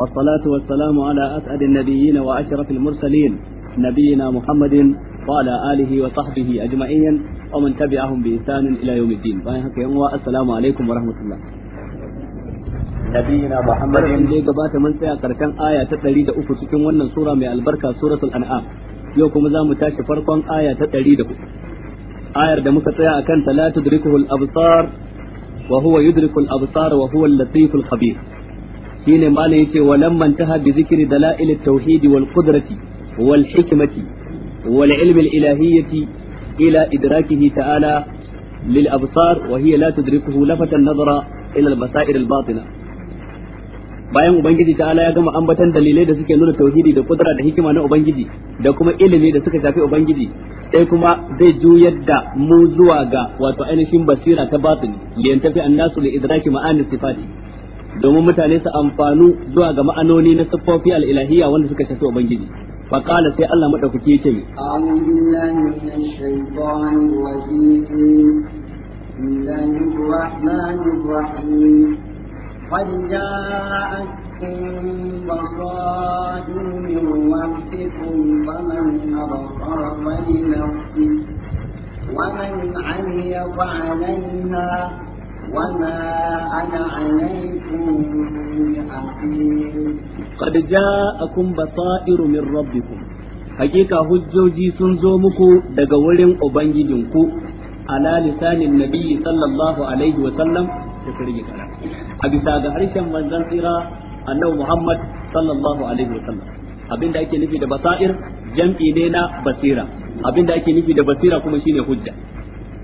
والصلاة والسلام على أسعد النبيين وأشرف المرسلين نبينا محمد وعلى آله وصحبه أجمعين ومن تبعهم بإحسان إلى يوم الدين السلام عليكم ورحمة الله نبينا محمد dai gabata mun tsaya karkan aya ta 103 cikin wannan sura mai albarka suratul an'am yau kuma za mu tashi farkon aya ta 104 ayar da muka tsaya akan talatu tudrikuhul absar wa huwa yudrikul absar latiful shine malam yace walam man taha bi zikri dalail at-tauhid wal qudrati wal hikmati wal ilmi al-ilahiyyati ila idrakihi ta'ala lil absar wa hiya la tudrikuhu lafatan nazara ila al-basair al-batina bayan ubangiji ta'ala ya gama ambatan dalilai da suke nuna tauhidi da kudura da hikima na ubangiji da kuma ilimi da suka shafi ubangiji sai kuma zai juyar da mu zuwa ga wato ainihin basira ta batin li yantafi annasu li idraki ma'ani sifati domin mutane su amfanu zuwa ga ma'anoni na siffofi al'ilahiyya wanda suka shafi ubangiji فقال سي الله مدوكي يتي أعوذ بالله من الشيطان الرجيم بسم الله الرحمن الرحيم قد جاءتكم بصائر من ربكم فمن أبصر فلنفسه ومن عمي فعليها وما أنا عليكم بحفيظ قد جاءكم بصائر من ربكم hakika hujjoji sun zo muku daga wurin ubangijinku ala lisanin nabiyyi sallallahu alaihi wa sallam da sirri a bisa ga harshen manzon tsira annabi Muhammad sallallahu wa sallam ake nufi da basair jam'i ne na basira abinda ake nufi da basira kuma shine hujja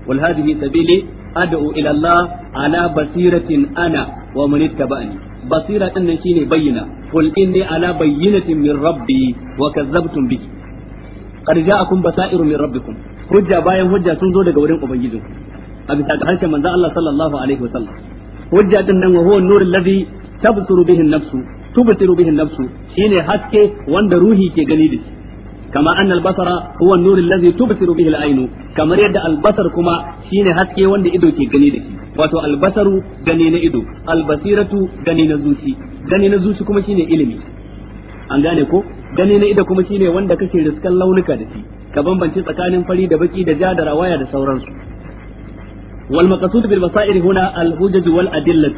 wal hadhihi sabili ad'u ila Allah ala basiratin ana wa man basira din nan shine bayyana qul inni ala bayyinatin min rabbi wa kazzabtum bihi qad ja'akum basairu min rabbikum hujja bayan hujja sun zo daga wurin ubangijinku a bisa ga harshen manzon Allah sallallahu alaihi wasallam hujja wa huwa an-nur alladhi tabsuru bihi an-nafsu tubsiru shine haske wanda ruhi ke gani da shi kama anna al-basara huwa an-nur alladhi tubsiru bihi al-ayn kamar yadda al-basar kuma shine haske wanda ido ke gani da shi wato al gani na ido al-basiratu gani na zuci gani na zuci kuma shine ilimi an gane ko gani na ido kuma shine wanda kake riskan launuka da shi ka bambance tsakanin fari da baki da ja da rawaya da sauransu wal maqsud bil basair huna al hujaj wal adillah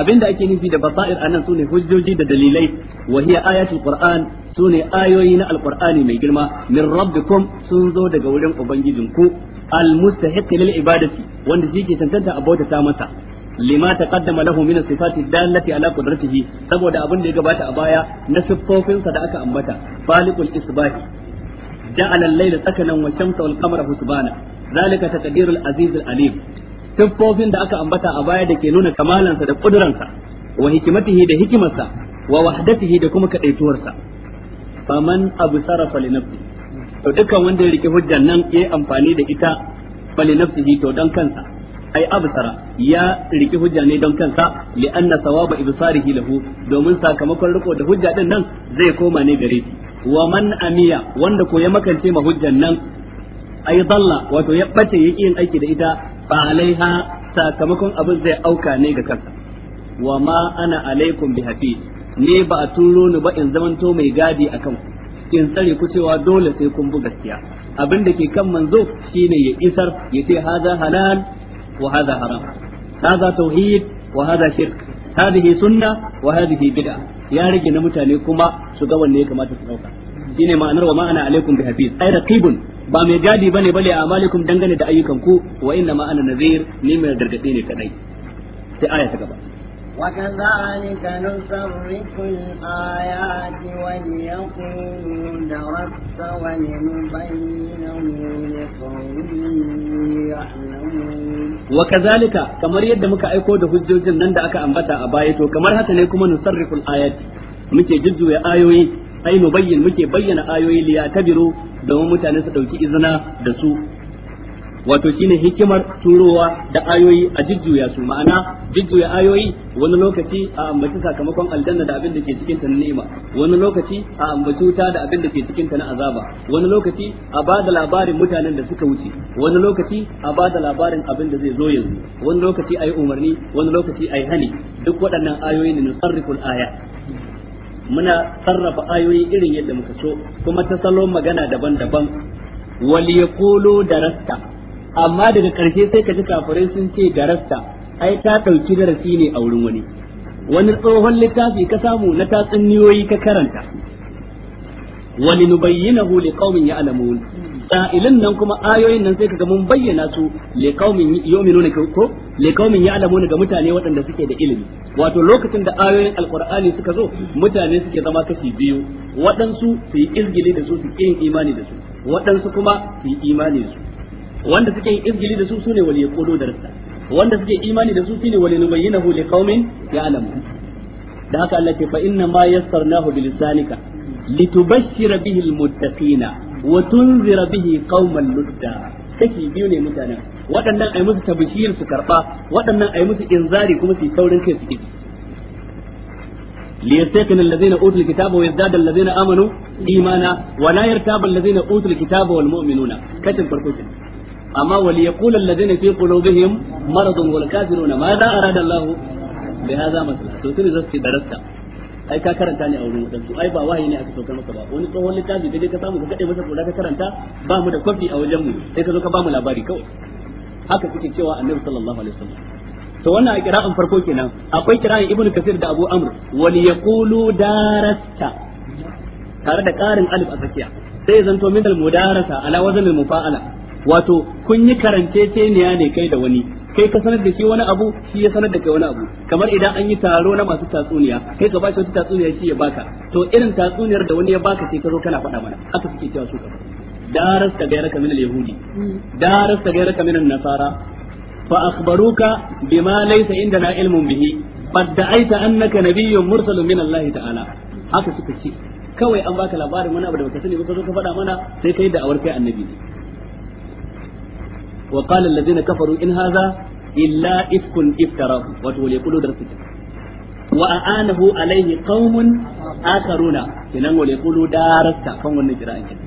abinda ake nufi da basair a nan sune hujjoji da dalilai wa hiya ayatul qur'an ne ayoyi na alkur'ani mai girma min rabbikum sun zo daga wurin ubangijinku almustahiq lil ibadati wanda zai ke tantanta abota ta masa lima taqaddama lahu min sifati dallati ala qudratihi saboda abin da ya gabata a baya na siffofinsa da aka ambata falikul isbahi ja'ala al-layla sakanan wa shamsa wal qamara husbana zalika taqdirul aziz al-alim siffofin da aka ambata a baya da ke nuna kamalansa da kuduransa wa hikimatihi da hikimarsa wa wahdatihi da kuma kadaituwarsa faman absara falinafsi to dukkan wanda ya rike hujjar nan yayi amfani da ita fali falinafsihi to dan kansa ai absara ya rike hujja ne don kansa li anna sawaba ibsarihi lahu domin sakamakon riko da hujja din nan zai koma ne gare shi wa man amiya wanda ko ya makance ma hujjan nan ai dalla wato ya bace yake yin aiki da ita fa alaiha sakamakon abin zai auka ne ga kansa wa ma ana alaikum bi ne ba a turo ni ba in zamanto mai gadi a ku in tsare ku cewa dole sai kun buga gaskiya abin da ke kan manzo shine ya isar ya ce haza halal wa haza haram hada tauhid wa hada shirk hadihi sunna wa hadihi bid'a ya rage na mutane kuma su ga wanne ya kamata su dauka shine ma'anar wa ma'ana alaikum bi hafiz ai raqibun ba mai gadi bane bale a amalikum dangane da ayyukan ku wa inna ma'ana ana nazir ni mai gargadi ne kadai sai aya ta gaba وكذلك نصرف الآيات وليقولوا درست ولنبينه لقوم يعلمون وكذلك kamar yadda muka ايكو da hujjojin nan da aka ambata a baya to kamar haka ne kuma nusarriful ayati muke jujjuya ayoyi ai nubayyin muke bayyana ayoyi liyatabiru don mutane su dauki izina da su wato shine hikimar turowa da ayoyi a jujjuya su ma'ana jujjuya ayoyi wani lokaci a ambaci sakamakon aljanna da abin da ke cikin ta na ni'ima wani lokaci a ambaci wuta da abin da ke cikin ta na azaba wani lokaci a ba da labarin mutanen da suka wuce wani lokaci a ba da labarin abin da zai zo yanzu wani lokaci ayi umarni wani lokaci ayi hani duk waɗannan ayoyi ne nusarriful aya muna sarrafa ayoyi irin yadda muka so kuma ta salon magana daban-daban wal yaqulu darasta amma daga ƙarshe sai ka ji kafirai sun ce darasta ai ta ɗauki darasi ne a wurin wani wani tsohon littafi ka samu na tatsuniyoyi ka karanta wani nubayyinahu liqaumin ya'lamun sa'ilin nan kuma ayoyin nan sai kaga mun bayyana su liqaumin yu'minuna ko liqaumin ya'lamuna ga mutane waɗanda suke da ilimi wato lokacin da ayoyin alqur'ani suka zo mutane suke zama kashi biyu waɗansu su yi izgili da su su yin imani da su waɗansu kuma su yi imani da su wanda suke yin izgili da su sune wal yaqulu darsa wanda suke imani da su sune wal nubayyinahu liqaumin ya'lamun da haka Allah ce fa inna ma yassarnahu bilisanika litubashshira bihi almuttaqina wa tunzira bihi qauman ludda take biyu ne mutanen waɗannan ai musu tabshir su karba waɗannan ai musu inzari kuma su taurin kai su ki ليستيقن الذين اوتوا الكتاب ويزداد الذين امنوا ايمانا ولا يرتاب الذين اوتوا الكتاب والمؤمنون كتب فرقوتين amma ya yaqul alladhina fi qulubihim maradun wal kafiruna ma da arada Allah bi hadha masal to sun zasu ci darasta ai ka karanta ne a wurin su. ai ba wahayi ne aka saukar maka ba wani tsohon littafi da dai ka samu ka kade masa kula ka karanta ba mu da kofi a wajen mu sai ka zo ka ba mu labari kawai haka suke cewa annabi sallallahu alaihi wasallam to wannan a kira'an farko kenan akwai kira'an ibnu kasir da abu amr wal yaqulu darasta tare da karin alif a tsakiya sai zanto min al mudarasa ala wazn al mufa'ala wato kun yi karance karanceceniya ne kai da wani kai ka sanar da shi wani abu shi ya sanar da kai wani abu kamar idan an yi taro na masu tatsuniya kai ka bashi wata tatsuniya shi ya baka to irin tatsuniyar da wani ya baka sai ka zo kana faɗa mana haka suke cewa su ka daras ta gaira ka minal yahudi daras ta gaira ka minan nasara fa akhbaruka bima laysa indana ilmun bihi aita annaka nabiyyun mursalun min Allah ta'ala haka suka ce kawai an baka labarin wani abu da baka sani ba ka zo ka faɗa mana sai kai da awar kai annabi ne wa qala alladhina kafaru in hadha illa ifkun iftarahu wato wal yaqulu darsu wa aanahu alayhi qaumun akharuna kinan wal darasta kan wannan kira'an kin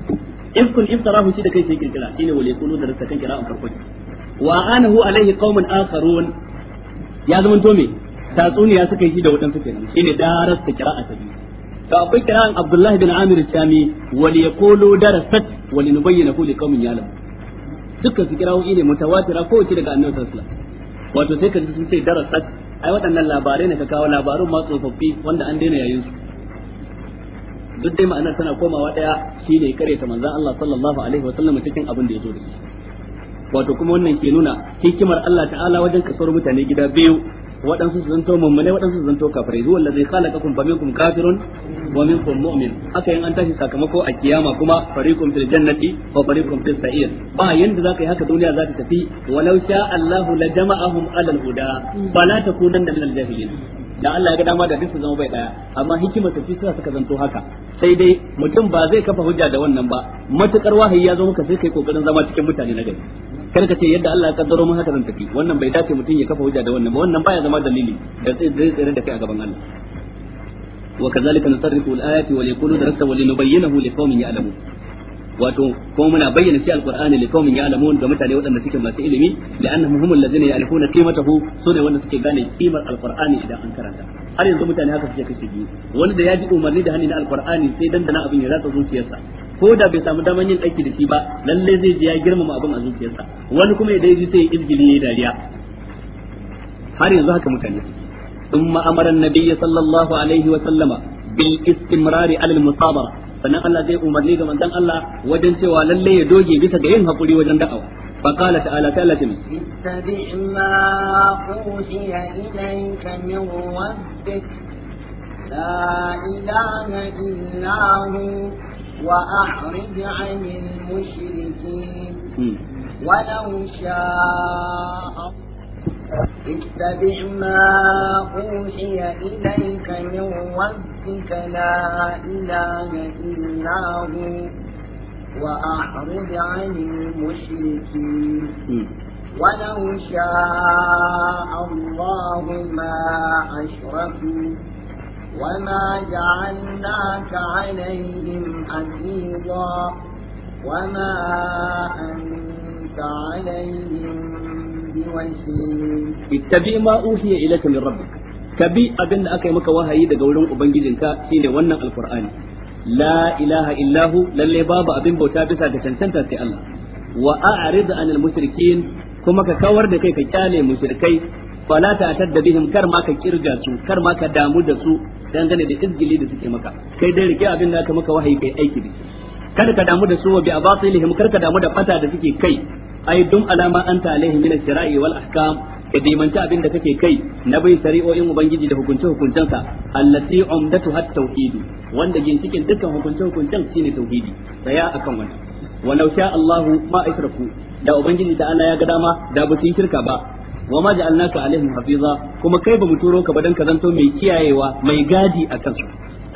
ifkun iftarahu shi da kai sai kirkira shine wal yaqulu darasta kan kira'an farko wa aanahu alayhi qaumun akharun ya zama to me tatsuniya suka yi shi da waɗansu kenan shine darasta kira'a ta biyu to akwai Abdullahi bin Amir dukkan su kirawoyi ne mutawatira ko wace daga annabi sallallahu alaihi wasallam wato sai ka sun ce darasat ai waɗannan labarai ne ka kawo labarun ma tsofaffi wanda an daina yayin su duk dai ma'anar tana komawa daya shine kare ta manzon Allah sallallahu alaihi wasallam cikin abin da ya zo da shi wato kuma wannan ke nuna hikimar Allah ta'ala wajen kasar mutane gida biyu waɗansu su zanto mummune waɗansu su zanto kafare kafirai huwa allazi khalaqakum fa minkum kafirun wa minkum mu'min haka yin an tashi sakamako a kiyama kuma fariqum fil jannati wa fariqum fis sa'ir ba yanda zaka yi haka duniya za ta tafi walau sha Allahu la jama'ahum alal huda fala takunanna minal jahilin da Allah ya ga dama da duk su zama bai daya amma hikimar tafi suna suka zanto haka sai dai mutum ba zai kafa hujja da wannan ba matukar wahayi ya zo maka sai kai kokarin zama cikin mutane na gari kar ka ce yadda Allah ya kaddaro mun haka zan tafi wannan bai dace mutum ya kafa hujja da wannan ba wannan baya zama dalili da zai tsere da kai a gaban Allah wa kazalika nusarrifu al-ayati wa liqulu darasta wa linubayyinahu liqaumin ya'lamun wato kuma muna bayyana shi alqur'ani liqaumin ya'lamun ga mutane waɗanda suke masu ilimi la'annahum humul ladzina ya'rifuna qimatahu sune wanda suke gane kimar alqur'ani idan an karanta har yanzu mutane haka suke kashe biyu wani da ya ji umarni da hannun na alqur'ani sai dandana abin ya ratsa zuciyarsa ko da bai samu daman yin aiki da shi ba lallai zai ji ya girmama abin a zuciyarsa wani kuma idan ji sai izgili ne dariya har yanzu haka mutane ثم أمر النبي صلى الله عليه وسلم بالاستمرار على المصابرة sannan Allah zai umarni ga manzon Allah wajen cewa lallai ya doge bisa ga yin hakuri wajen da'awa fa qala ta'ala ta Allah tumi ittabi ma uhiya ilayka min وأعرض عن المشركين ولو شاء اتبع ما أوحي إليك من ربك لا إله إلا هو وأعرض عن المشركين ولو شاء الله ما أشركوا وما جعلناك عليهم حفيظا وما أنت عليهم بوكيل اتبع ما أوحي إليك من ربك كبي أبن أكي مك وهي دقولون أبنجدنك سين ونن القرآن لا إله إلا هو للي بابا أبن بوتابسا تشنسنتا سي الله وأعرض عن المشركين kuma ka kawar da kai ka kyale mushrikai fala ta atadda bihim kar ma ka kirga su kar ma ka damu da su dangane da izgili da suke maka kai dai rike abin da aka maka wahayi kai aiki bi kada ka damu da su wa bi abatilihim kar ka damu da fata da suke kai ai dum alama anta alaihim min shara'i wal ahkam ka dimanci abin da kake kai na bin shari'o'in ubangiji da hukunce hukuncensa allati umdatu hat tauhidi wanda ginshikin dukkan hukunce hukuncen shine tauhidi tsaya akan wannan walau sha Allahu ma da ubangiji ta Allah ya ga dama da ba su yi shirka ba wa ma ja'alnaka alaihim hafiza kuma kai ba mu turo ka ba dan ka zanto mai kiyayewa mai gadi a kansu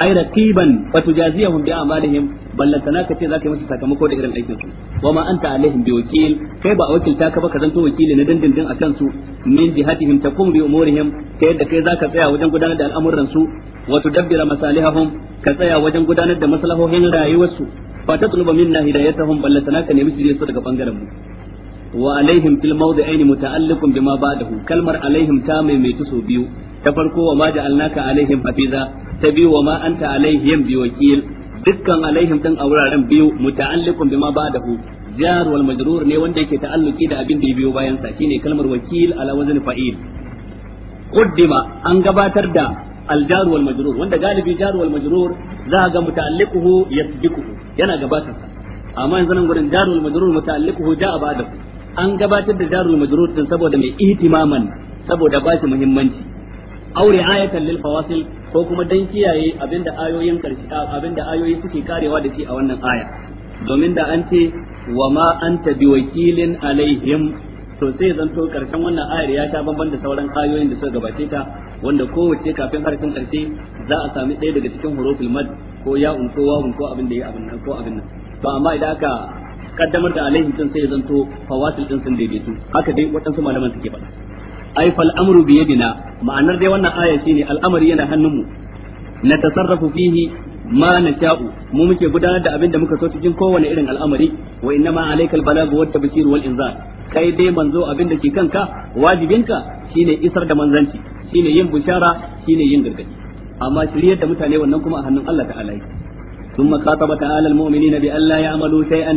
ai raqiban fa tujaziyahum bi a'malihim ballantana ka ce zaka yi musu sakamako da irin aikin su wa ma anta alaihim bi wakil kai ba wakilta ka ba ka zanto wakili na dandindin akan su min jihatihim takum bi umurihim ta yadda kai zaka tsaya wajen gudanar da al'amuran su wa tudabbira masalihahum ka tsaya wajen gudanar da maslahohin rayuwar su fa tatluba minna hidayatahum ballantana ka nemi su daga bangaren mu wa alaihim fil mawdi'aini muta'alliqun bima ba'dahu kalmar alaihim ta maimaitu sau biyu ta farko wa ma ja'alnaka alaihim hafiza ta biyu wa ma anta alaihim biwakil dukkan alaihim din a wuraren biyu muta'alliqun bima ba'dahu jar wal majrur ne wanda yake ta'alluki da abin da ya biyo bayan sa shine kalmar wakil ala wazn fa'il qaddima an gabatar da al jar wal majrur wanda galibi jar wal majrur za ga muta'alliquhu yasbiquhu yana gabatar sa amma yanzu nan gurin jar wal majrur muta'alliquhu ja'a ba'dahu an gabatar da jarul majrur din saboda mai ihtimaman saboda ba shi muhimmanci aure ayatan lil fawasil ko kuma dan kiyaye abinda ayoyin karshe abinda ayoyi suke karewa da shi a wannan aya domin da an ce wa ma anta biwakilin alaihim to sai zanto karshen wannan ayar ya ta bamban da sauran ayoyin da suka gabace ta wanda kowace kafin harfin karshe za a sami ɗaya daga cikin huruful mad ko ya wa abin da ya abin nan ko abin nan to amma idan aka kaddamar da alaihi din sai ya zanto fawasil din sun daidaitu haka dai waɗansu malaman suke faɗa ai fal amru bi yadina ma'anar dai wannan aya shine al'amari yana hannunmu na tasarrafu fihi ma na sha'u mu muke gudanar da abin da muka so cikin kowane irin al'amari wa inna ma alaikal balagu wat tabshir wal inzar kai dai manzo abin da ke kanka wajibinka shine isar da manzanci shine yin bushara shine yin gargadi amma shiryar da mutane wannan kuma a hannun Allah ta'ala yake ثم خاطب تعالى المؤمنين بأن لا يعملوا شيئا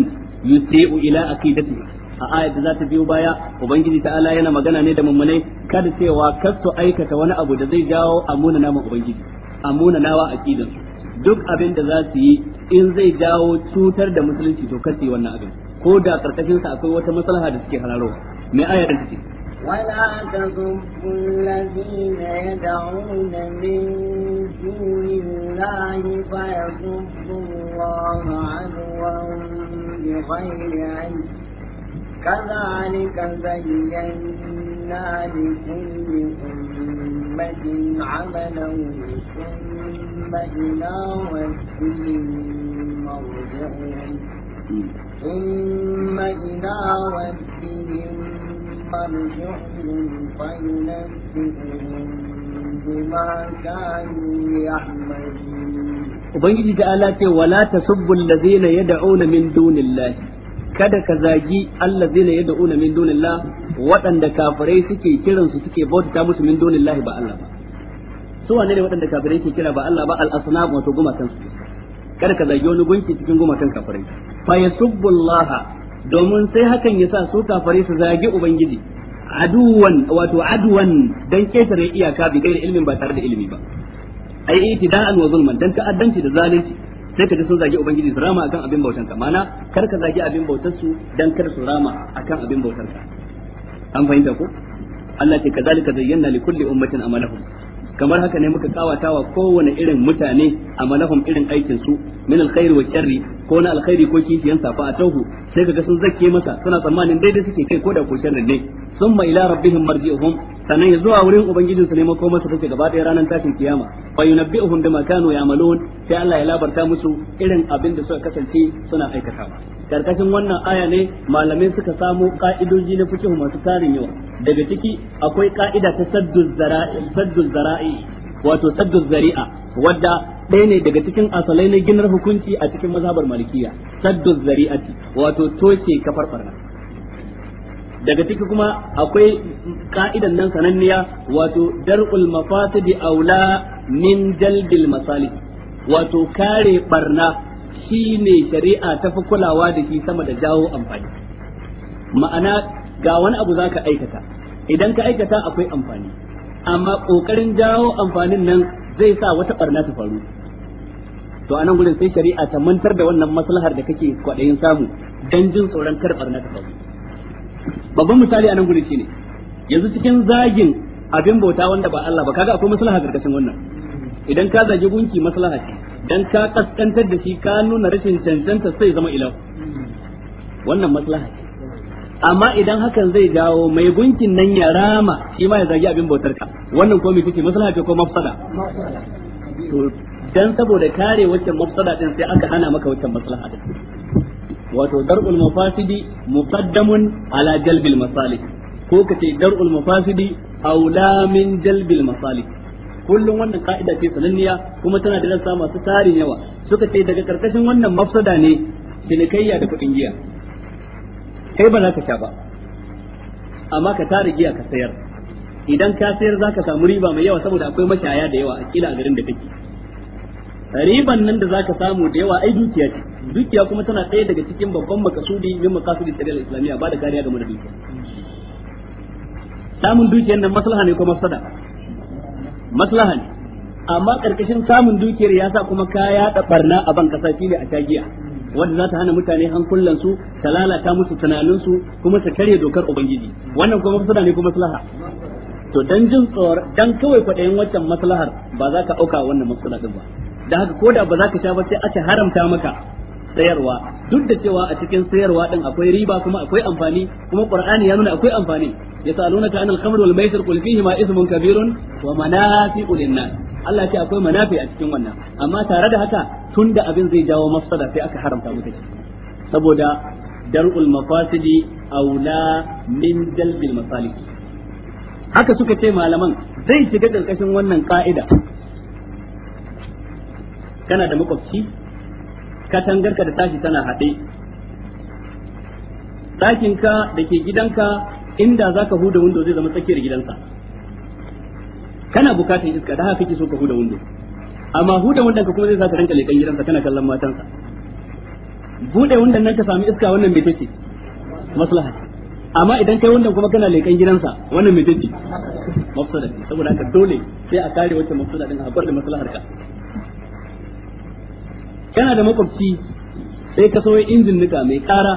yusiu ila aqidati a ayat da za ta biyo baya ubangiji ta'ala yana magana ne da mummune kada cewa kar su aikata wani abu da zai jawo amuna nama ubangiji amuna nawa aqidan duk abin da za su yi in zai jawo cutar da musulunci to kace wannan abin ko da karkashin sa akwai wata maslaha da suke hararo mai ayar da take ولا تسبوا الذين يدعون من دون الله فيسبوا الله عدوا بغير علم كذلك زينا لكل أمة عملا ثم إلى ربهم مرجعهم ثم إلى ربهم حق بحكم فينبئهم Ubangiji ta ala ce wala ladzina yad'una min kada ka zagi yad'una min dunillah waɗanda kafirai suke kiran su suke bauta musu min ba Allah ba su wane ne waɗanda kafirai ke kira ba Allah ba al asnam wato gumakan su kada ka zagi wani gunki cikin gumakan kafirai fa yasubbullaha domin sai hakan ya sa su kafare su zagi ubangiji aduwan wato aduwan dan ketare iyaka bi gairi ilmin ba tare da ilimi ba ai itida'an wa zulman dan addanci da zalunci sai ka ji sun zagi ubangiji su rama akan abin bautar ka mana kar ka zagi abin bautar su dan kar su rama akan abin bautar ka an fahimta ko Allah ce kazalika zayyana likulli kulli ummatin amalahum kamar haka ne muka kawatawa kowane irin mutane amalahum irin aikin su min alkhairi wa sharri ko na alkhairi ko kishiyan safa a tauhu sai kaga sun zakke masa suna tsammanin daidai suke kai ko da ko sharri ne summa ila rabbihim marji'uhum sannan ya zuwa wurin ubangijin su ne mako masa take gaba ɗaya ranar tashin kiyama fa yunabbi'uhum bima kanu ya'malun sai Allah ya labarta musu irin abin da suka kasance suna aikatawa karkashin wannan aya ne malamai suka samu ka'idoji na fikihu masu tarin yawa daga ciki akwai ka'ida ta saddu zara'i saddul zara'i wato saddu zari'a wadda ɗaya ne daga cikin asalai na ginar hukunci a cikin mazhabar malikiya saddu zari'ati wato toshe kafar barna daga ciki kuma akwai ka'idan nan sananniya wato dar'ul mafatidi aula min jalbil masalih wato kare barna shine shari'a ta fi kulawa da shi sama da jawo amfani ma'ana ga wani abu za ka aikata idan ka aikata akwai amfani amma kokarin jawo amfanin nan zai sa wata barna ta faru to anan gurin sai shari'a ta mantar da wannan maslahar da kake kwaɗayin samu don jin tsoron kar barna ta faru babban misali anan gurin shine yanzu cikin zagin abin bauta wanda ba Allah ba kaga akwai maslaha karkashin wannan idan ka zagi gunki maslaha ce dan ka kaskantar da shi ka nuna rashin cancanta sai zama ilahu wannan maslaha ce amma idan hakan zai jawo mai gunkin nan ya rama shi ma ya zagi abin bautar ka wannan ko me kike maslaha ce ko mafsada to dan saboda kare wancan mafsada din sai aka hana maka wancan maslaha din wato dar'ul mafasidi muqaddamun ala jalbil masalik ko kace dar'ul mafasidi aula min jalbil masalik kullum wannan ka'ida ce sananniya kuma tana da rassa masu tarin yawa suka ce daga karkashin wannan mafsada ne cinikayya da kuɗin giya kai ba za ka sha ba amma ka tara giya ka sayar idan ka sayar za ka samu riba mai yawa saboda akwai mashaya da yawa a kila a garin da kake riban nan da za ka samu da yawa ai dukiya ce dukiya kuma tana ɗaya daga cikin babban makasudi min makasudin shari'ar islamiyya ba da kariya game da dukiya samun dukiyar nan maslaha ne ko mafsada maslaha ne amma karkashin samun dukiyar ya sa kuma ka da barna a ban kasa shine a tagiya wanda za ta hana mutane hankulan su ta lalata musu tunanin su kuma ta karya dokar ubangiji wannan kuma fasada ne kuma maslaha to dan jin tsawar dan kawai kwaɗayin waccan maslahar ba za ka auka wannan maslaha din ba da haka ko da ba za ka sha ba sai aka haramta maka sayarwa duk da cewa a cikin sayarwa din akwai riba kuma akwai amfani kuma qur'ani ya nuna akwai amfani ya yasalunaka anil khamr wal maisir qul fihi ma ithmun kabirun wa manafi'u linnas Allah ce akwai manafi a cikin wannan amma tare da haka tunda abin zai jawo mafsada sai aka haramta mutum saboda dar'ul mafasidi aula min dalbil masalik haka suka ce malaman zai shiga karkashin wannan ka'ida kana da makwabci katangarka da tashi tana haɗe ɗakinka da ke gidanka inda za ka huda windo zai zama tsakiyar gidansa kana bukatar iska da haka so ka huda windo amma huda windon ka kuma zai sa ka ranka leƙen gidansa kana kallon matansa bude windon nan ka sami iska wannan mai tace maslaha amma idan kai windon kuma kana leƙen gidansa wannan mai tace maslaha saboda haka dole sai a kare wacce maslaha din a bar da maslahar ka kana da makwabci sai ka sauya injin nika mai kara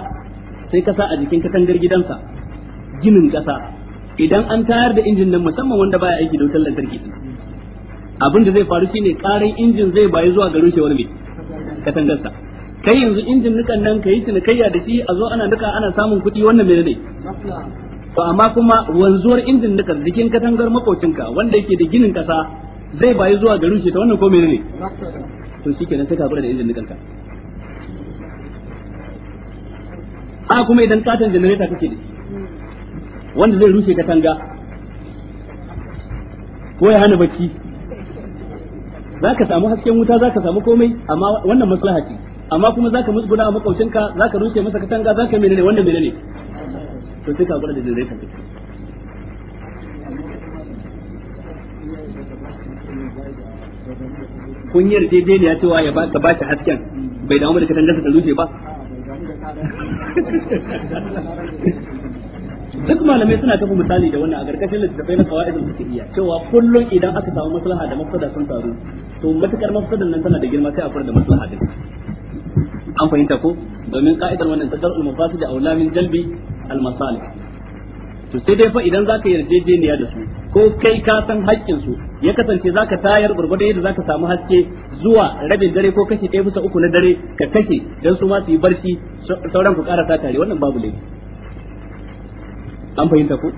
sai ka sa a jikin katangar gidansa ginin kasa idan an tayar da injin nan musamman wanda baya aiki da wutar lantarki abin da zai faru shine karin injin zai bayi zuwa ga wani mai katangarsa kai yanzu injin nukan nan kai cinikayya da shi a zo ana nuka ana samun kuɗi wannan menene to amma kuma wanzuwar injin nukan jikin katangar makocinka wanda yake da ginin kasa zai bayi zuwa ga rushe ta wannan ko menene to kenan sai ka hakura da injin nikanka a kuma idan katon generator kake da wanda zai rushe katanga ko ya hana bacci za ka samu hasken wuta za ka samu komai amma wannan maslaha ce amma kuma za ka musguna a makaucinka za ka rushe masa katanga za ka menene wanda menene to sai ka hakura da generator kake kunyar kun yi ya cewa ya ba ka ba shi hasken bai damu da katangar ta rufe ba duk malamai suna tafi misali da wannan a gargashin littattafai na kawai idan suke iya cewa kullum idan aka samu maslaha da mafsada sun taru to matukar mafsadan nan tana da girma sai a fara da maslaha din an fahimta ko domin ka'idar wannan tsakar al da aulamin jalbi almasalih to sai dai fa idan zaka yarjejeniya da su ko kai ka san haƙƙin su ya kasance zaka tayar gurgurda yadda zaka samu haske zuwa rabin dare ko kashi ɗaya bisa uku na dare ka kashe dan su ma su yi barci sauran ku ƙara tare wannan babu laifi an fahimta ko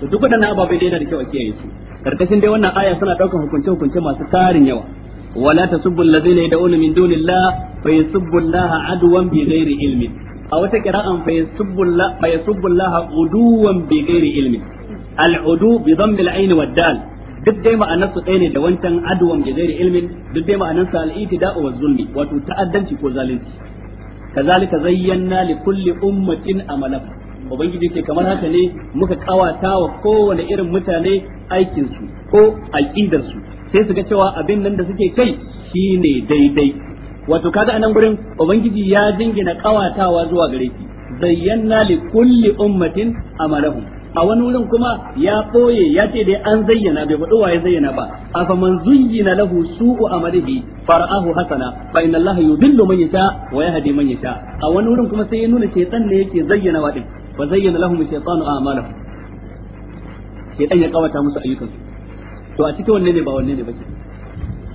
to duk waɗannan ababai dai yana da kyau a kiyaye su karkashin dai wannan aya suna ɗaukar hukunce hukunce masu tarin yawa tasubbu تسبوا الذين min dunillahi fa yasubbu allaha aduwan bi ghairi ilmin. a wata qira'an fa yasubbulla fa uduwan bi ghairi ilmi al-udu bi dhammi al wa dal duk dai ma'anar su ɗaya ne da wancan aduwan bi ghairi ilmin duk dai ma'anar sa al-itida'u wa zulmi wato ta'addanci ko zalunci kazalika zayyana li kulli ummatin amalan ubangiji ce kamar haka ne muka kawata wa kowane irin mutane aikin su ko aqidar su sai su ga cewa abin nan da suke kai shine daidai wato kaga anan gurin ubangiji ya jingina kawatawa zuwa gare ki zayyana li kulli ummatin amalahum a wani wurin kuma ya ɓoye ya ce dai an zayyana bai faɗi ya zayyana ba a fa man zuyyina lahu su'u amalihi fara'ahu hasana fa inna allaha yudillu man yasha wa yahdi man yasha a wani wurin kuma sai ya nuna shaytan ne yake zayyana wa din fa zayyana lahum shaytanu a'malahum shaytan ya kawata musu ayyukansu to a cikin wanne ne ba wanne ne ba kenan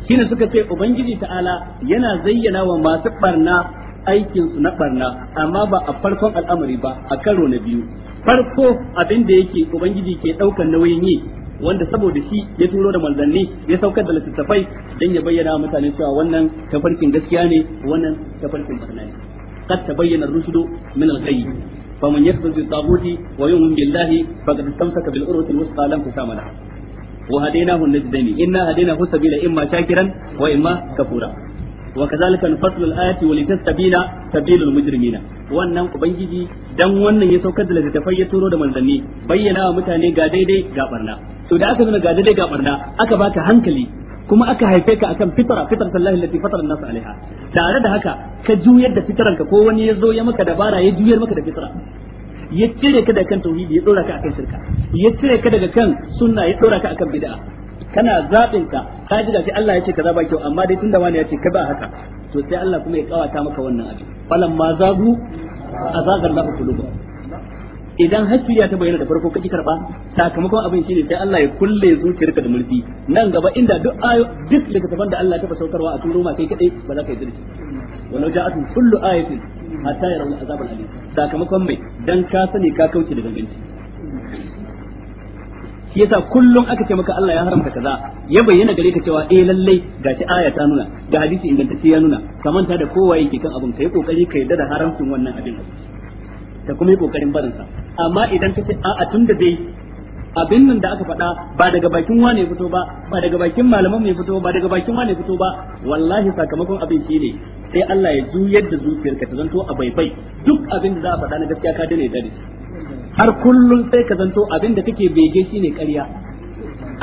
shine suka ce ubangiji ta'ala yana zayyana wa masu barna aikin su na barna amma ba a farkon al'amari ba a karo na biyu farko abin da yake ubangiji ke daukar nauyin yi wanda saboda shi ya turo da manzanni ya saukar da littattafai dan ya bayyana mutane cewa wannan tafarkin gaskiya ne wannan tafarkin barna ne min قد تبين الرشد من الغي فمن يكفر بالطاغوت ويؤمن بالله فقد bil-urwati al لا lam tusamalah wa hadainahu najdaini inna hadainahu sabila imma shakiran wa imma kafura wa kazalika nufaslu al-ayati wa litastabina sabilul mujrimina wannan ubangiji dan wannan ya saukar da littafai ya turo da manzanni bayyana wa mutane ga daidai ga barna to da aka zana ga daidai ga barna aka baka hankali kuma aka haife ka akan fitra fitratan Allah allati fatara an-nas alaiha tare da haka ka juyar da fitranka ko wani ya zo ya maka da bara ya juyar maka da fitra ya cire ka daga kan tauhidi ya dora ka akan shirka ya cire ka daga kan sunna ya dora ka akan bid'a kana zaɓin ka ka ji gashi Allah ya ce kaza ba kyau amma dai tunda wani ya ce ka kaza haka to sai Allah kuma ya kawata maka wannan abin falan ma zagu azagar lahu qulubuh idan hakkiya ta bayyana da farko kake karba sakamakon abin shine sai Allah ya kulle zuciyarka da mulki nan gaba inda duk ayo duk littafan da Allah ya fa saukarwa a turo ma kai kadai ba za ka yi zurfi walau ja'atun kullu ayatin hatta yarawul azabal alim sakamakon mai dan ka sani ka kauce da ganganci shi yasa kullum aka ce maka Allah ya haramta kaza ya bayyana gare ka cewa eh lallai gashi aya ta nuna da hadisi ingantacce ya nuna kamanta da kowa ke kan abin kai kokari ka yarda da haramcin wannan abin ta kuma yi kokarin barin sa amma idan ka ce a'a tunda dai abin nan da aka faɗa ba daga bakin wane fito ba ba daga bakin malaman mai fito ba daga bakin wane fito ba wallahi sakamakon abin shi ne sai Allah ya juyar da zuciyarka ta zanto a baibai duk abin da za a faɗa na gaskiya ka dane dare har kullum sai ka zanto abin da kake bege shine ƙarya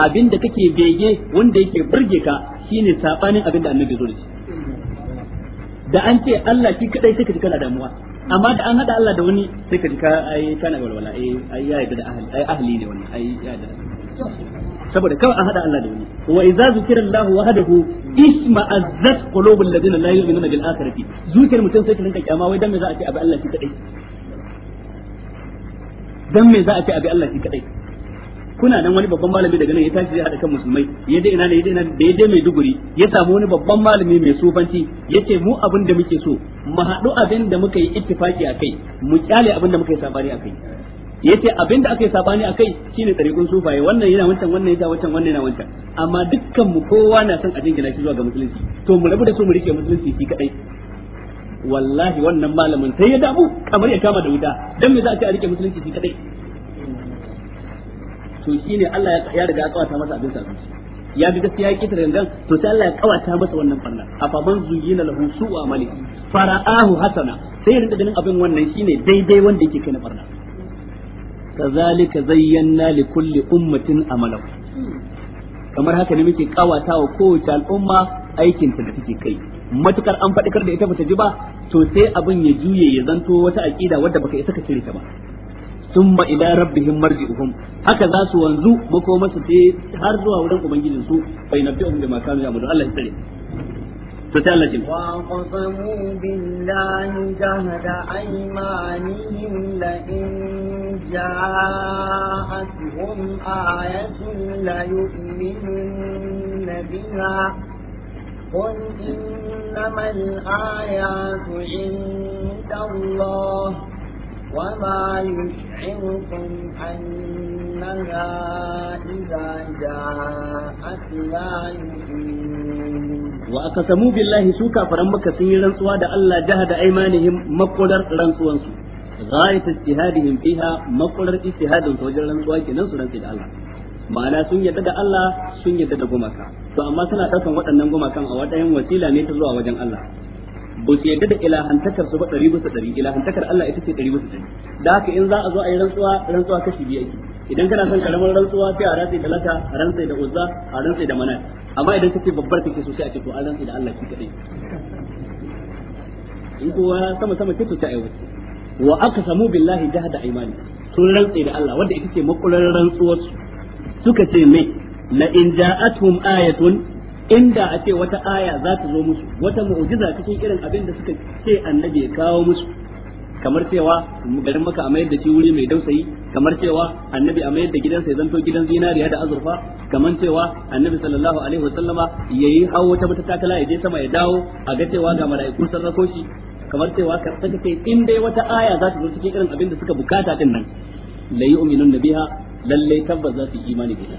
abin da kake bege wanda yake burge ka shine sabanin abin da annabi zo da shi da an ce Allah shi kadai sai ka ji kana damuwa amma da an hada Allah da wani sai ka ji ka ai kana walwala ai eh, ai ya yadda da ahli ai ahli ne wannan ai ya yadda saboda kawai an hada Allah da wani wa idza zukira Allah wahdahu isma azzat qulubul ladina la yu'minuna bil akhirati zuciyar mutum sai ta rinka kyama wai dan me za a ce abi Allah shi kadai dan me za a ce abi Allah shi kadai kuna nan wani babban malami daga nan ya tashi zai hada kan musulmai ya je ina ne ya je ina da ya je mai duguri ya samu wani babban malami mai sufanci yace mu abin da muke so mu haɗu abin da muka yi ittifaki akai mu kyale abin da muka yi sabani akai yace abin da aka yi sabani akai shine tariqun sufaye wannan yana wancan wannan yana wancan wannan yana wancan amma dukkan mu kowa na son a jingina shi zuwa ga musulunci to mu rabu da su mu rike musulunci shi kadai wallahi wannan malamin sai ya damu kamar ya kama da wuta dan me za a ce a rike musulunci shi kadai to shine Allah ya riga ya kawata masa abin sa ya bi gaskiya ya kita gangan to sai Allah ya kawata masa wannan farna afaban zuyina lahu su'u mali. fara'ahu hasana sai rinda ganin abin wannan shine daidai wanda yake kai na farna kazalika zayyana li kulli ummatin amalahu kamar haka ne muke kawata wa kowace al'umma aikin ta da take kai matukar an faɗi kar da ita bata ji ba to sai abin ya juye ya zanto wata aqida wadda baka isa ka cire ta ba thumma ila rabbihim marji'uhum haka za su wanzu makoma su sai har zuwa wurin ubangijin su bai nabi da bima kanu ya'budu Allah ya tsare to sai Allah jin in قل إنما الآيات عند الله وما أنعمكم أنها إذا جاءت لا يؤمنون وأقسموا بالله سوكا فرمك سيرا سواد ألا جهد أيمانهم مقدر رنسوان سوكا غاية اجتهادهم فيها مقرر اجتهادهم توجر لهم سواء كنا سورة Allah? ma'ana sun yadda da Allah sun yadda da gumaka to amma suna tasan waɗannan gumakan a waɗannan wasila ne ta zuwa wajen Allah ba su yadda da ilahantakar su ba ɗari bisa ɗari ilahantakar Allah ita ce ɗari bisa ɗari da haka in za a zo a yi rantsuwa rantsuwa kashi biyu ake idan kana son karamar rantsuwa sai a rantsai da lata a rantsai da uzza a rantsai da manat amma idan kace babbar kake so sai a ce to a rantsai da Allah ki kadai in kowa sama sama kike ta aiwata wa aqsamu billahi jahada imani sun rantsai da Allah wanda ita ce makular rantsuwar su suka ce mai la in ja'atuhum ayatun inda a ce wata aya za ta zo musu wata mu'jiza cikin irin abin da suka ce annabi ya kawo musu kamar cewa garin maka a mayar da shi wuri mai dausayi kamar cewa annabi a mayar da gidansa ya zanto gidan zinariya da azurfa kamar cewa annabi sallallahu alaihi wasallama yayi hawo wata mata takala ya je sama ya dawo a ga cewa ga mala'iku sun rako shi kamar cewa ka saka kai in dai wata aya za ta zo cikin irin abin da suka bukata din nan la yu'minun biha lalle tabbas za su yi imani da ita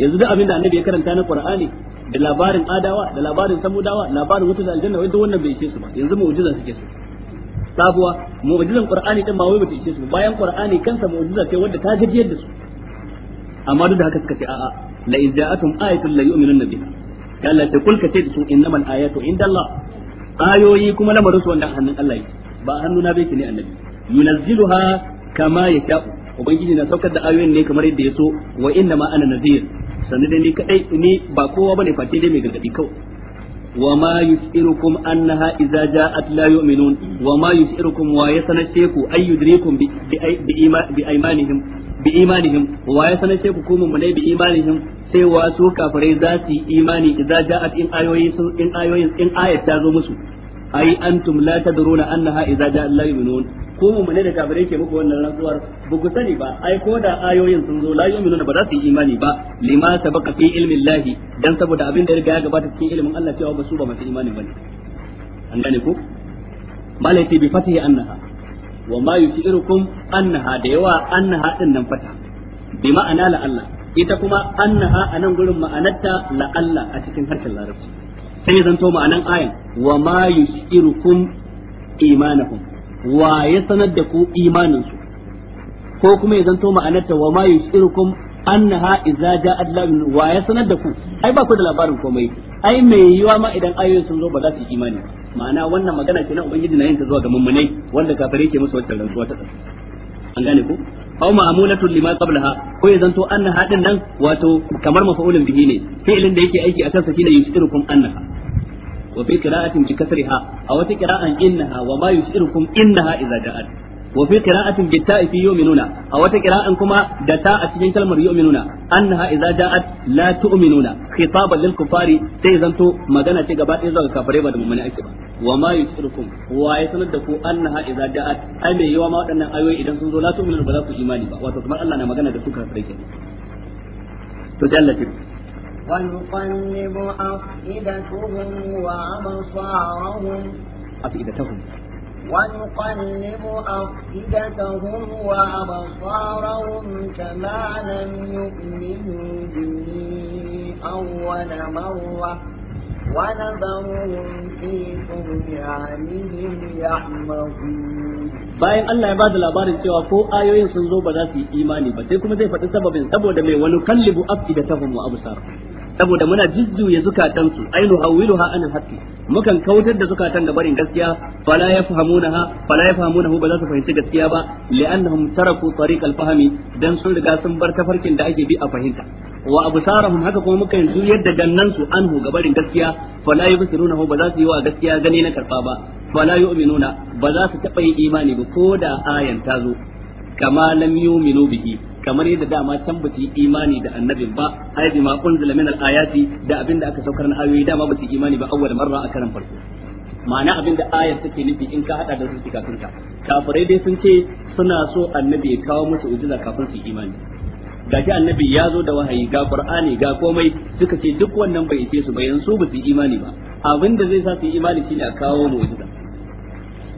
yanzu duk abin da annabi ya karanta na qur'ani da labarin adawa da labarin samudawa labarin wuta da aljanna wai duk wannan bai ishe su ba yanzu mu'jiza suke so sabuwa mu'jizan qur'ani din ba wai bata ishe su bayan qur'ani kansa mu'jiza ce wanda ta gajiyar da su amma duk da haka suka ce a'a la in ja'atum ayatun la yu'minun biha ya Allah sai kulka ce da su innamal ayatu indallah ayoyi kuma lamarin su wanda hannun Allah yake ba hannuna bai ne annabi yunazziluha kama yasha'u ubangiji na saukar da ayoyin ne kamar yadda ya so wa inna ma ana nazir sannan dai ni kadai ni ba kowa bane face dai mai gargadi kawai wa ma yusirukum annaha idza ja'at la yu'minun wa ma yusirukum wa yasanace ku ayyudrikum bi bi imanihim bi imanihim wa yasanace ku kuma mun bi imanihim sai wa su kafirai za su yi imani idza ja'at in ayoyi sun in ayoyin in ayat ta zo musu ai antum la tadruna annaha idza ja'a Allah yu'minun ko mene da kafirai ke muku wannan rantsuwar ba ku sani ba ai ko da ayoyin sun zo la yu'minuna ba za su yi imani ba lima sabaka fi ilmi Allah dan saboda abin da riga ya gabata cikin ilimin Allah cewa ba su ba masu imani bane an gane ku malaiti bi fatihi annaha wa ma yushirukum annaha da yawa annaha din nan fata bi ma'ana la Allah ita kuma annaha anan gurin ma'anarta la Allah a cikin harshen larabci sai zanto ma'anan ayan wa ma yushirukum imanakum wa ya sanar da ku imanin su ko kuma ya zanto ta wa ma yushirukum annaha idza ja'at allahu wa ya sanar da ku ai ba ku da labarin komai ai me yiwa ma idan ayoyin sun zo ba za su yi imani ma'ana wannan magana kenan ubangiji na yin ta zuwa ga mummunai wanda kafare ke musu wacce rantsuwa ta an gane ku aw ma'mulatun lima qablaha ko ya zanto anna ɗin nan wato kamar mafa'ulun bihi ne fi'ilin da yake aiki akan sa shine yusirukum annaha wa fi qira'atin bi kasriha aw wata qira'an innaha wa ma yusirukum innaha idza ja'at wa fi qira'atin bi ta'i fi yu'minuna a wata qira'an kuma da ta a cikin kalmar yu'minuna annaha idza ja'at la tu'minuna khitaban lil kufari sai zanto magana ce gaba ɗaya zuwa ba da mummuni ake ba wa ma yusirukum wa ya sanar da ku annaha idza ja'at ai mai yawa ma ayoyi idan sun zo ba za ku imani ba wato kamar Allah na magana da ونقلب أفئدتهم وأبصارهم أفئدتهم ونقلب أفئدتهم وأبصارهم كما لم يؤمنوا به أول مرة ونذرهم في طغيانهم يعمهون bayan Allah ya ba da labarin cewa ko ayoyin sun zo ba za su yi imani ba sai kuma zai faɗi sababin saboda mai wani kallibu afida ta wa absar saboda muna jujjuya zukatansu ainu hawiluha an haqqi mukan kautar da zukatan ga barin gaskiya fala yafhamunaha fala yafhamunahu ba za su fahimci gaskiya ba li'annahum taraku tariq al-fahmi dan sun riga sun bar tafarkin da ake bi a fahimta wa absarahum haka kuma mukan juyar da gannan su anhu ga barin gaskiya fala yubsirunahu ba za su yi wa gaskiya gani na karfa ba fala yu'minuna ba za su taba yi imani ba ko da ayan ta zo kama lam yu'minu bihi kamar yadda dama tambaci imani da annabin ba ai bima unzila min al-ayati da abinda aka saukar na ayoyi dama ba su imani ba awwal marra a karan farko ma'ana abinda ayar take nufi in ka hada da su kafin ka kafirai dai sun ce suna so annabi ya kawo musu ujiza kafin su imani gaji annabi ya zo da wahayi ga qur'ani ga komai suka ce duk wannan bai ishe su bayan yanzu ba su imani ba abinda zai sa su imani shine a kawo ujiza.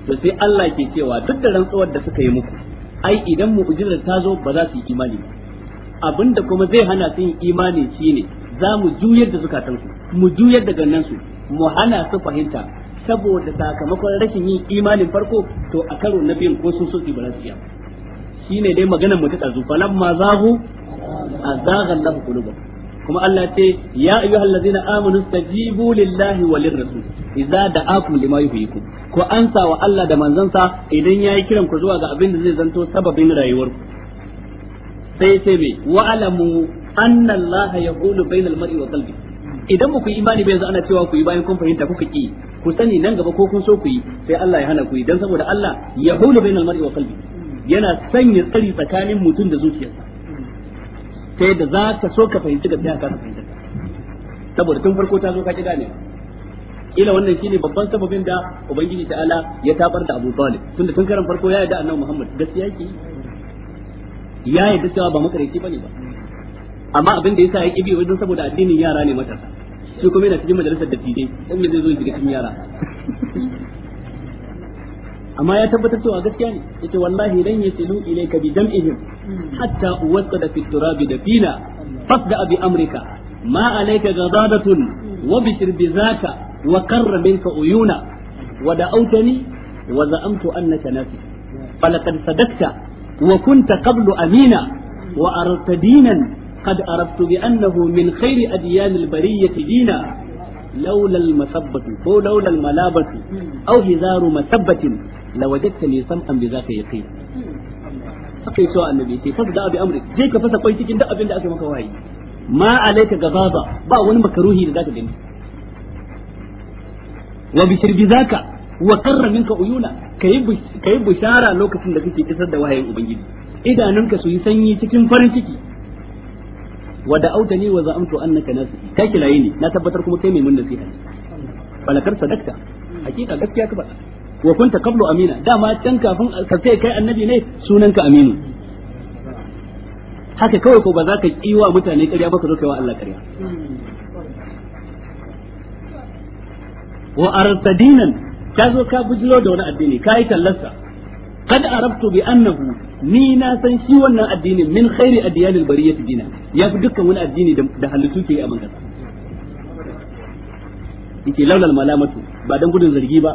to sai Allah ke cewa duk da rantsuwar da suka yi muku ai idan mu'jizar ta zo ba za su yi imani ba abinda kuma zai hana su yin imani shine za mu juyar da zukatansu mu juyar da gannan su mu hana su fahimta saboda sakamakon rashin yin imanin farko to a karo na biyan ko sun so su ba za su yi shine dai maganar mu ta tsazu lamma zahu azaghallahu Allahu kuma Allah ce ya ayyuhal ladzina amanu stajibu lillahi walir rasul idza da'akum lima yuhyikum ku ansa wa Allah da manzansa idan yayi kiran ku zuwa ga abin da zai zanto sababin rayuwarku sai sai me wa alamu anna Allah yaqulu bainal mar'i wa qalbi idan muku imani bai yanzu ana cewa ku yi bayan kun fahimta kuka ki ku sani nan gaba ko kun so ku yi sai Allah ya hana ku yi dan saboda Allah yaqulu bainal mar'i wa qalbi yana sanya tsari tsakanin mutum da zuciyarsa ta yadda za ka so ka fahimci gaskiya ka fahimta saboda tun farko ta zo ka ki gane ila wannan shine babban sababin da ubangiji ta'ala ya tabar da Abu Talib tunda tun karan farko ya yarda annabi Muhammad gaskiya yake ya yarda cewa ba makareci bane ba amma abin da yasa ya kibi wajen saboda addinin yara ne matasa shi kuma yana cikin majalisar dattijai dan me zai zo ya cikin yara amma ya tabbatar cewa gaskiya ne yace wallahi lan yasilu ilayka bi jam'ihim hatta uwassada fi turabi da fina fasda bi amrika ma alayka ghadadatun wa bishir bi zaka wa karra minka uyuna wa da'awtani wa za'amtu annaka nafi falaqad sadaqta wa kunta qablu amina wa aradta dinan قد أردت بأنه من خير أديان البرية دينا لولا المثبة أو لولا الملابة أو هزار مثبة la wajadta li sam'an bi zaka yaqin Akai yace annabi sai fasa da abi amri je ka fasa kwai cikin da aka maka wahayi ma alayka gababa ba wani makaruhi da zaka gani wa bishir bi zaka wa karra minka uyuna kayi kayi bushara lokacin da kake kisar da wahayin ubangiji idanunka su yi sanyi cikin farin ciki wa da'auta ni wa za'amtu annaka nasihi kai kilaye ne na tabbatar kuma kai mai mun nasiha balakar sadakta hakika gaskiya ka faɗa wa kunta qablu amina dama can kafin ka sai kai annabi ne sunanka aminu haka kawai ko ba za ka wa mutane ƙarya ba ka zo kai wa Allah ƙarya wa artadinan ka zo ka bujiro da wani addini ka yi tallarsa kad arabtu bi annahu ni na san shi wannan addinin min khairi adyanil bariyati dina ya fi dukkan wani addini da halittu ke yi a mangaza yake laulal malamatu ba dan gudun zargi ba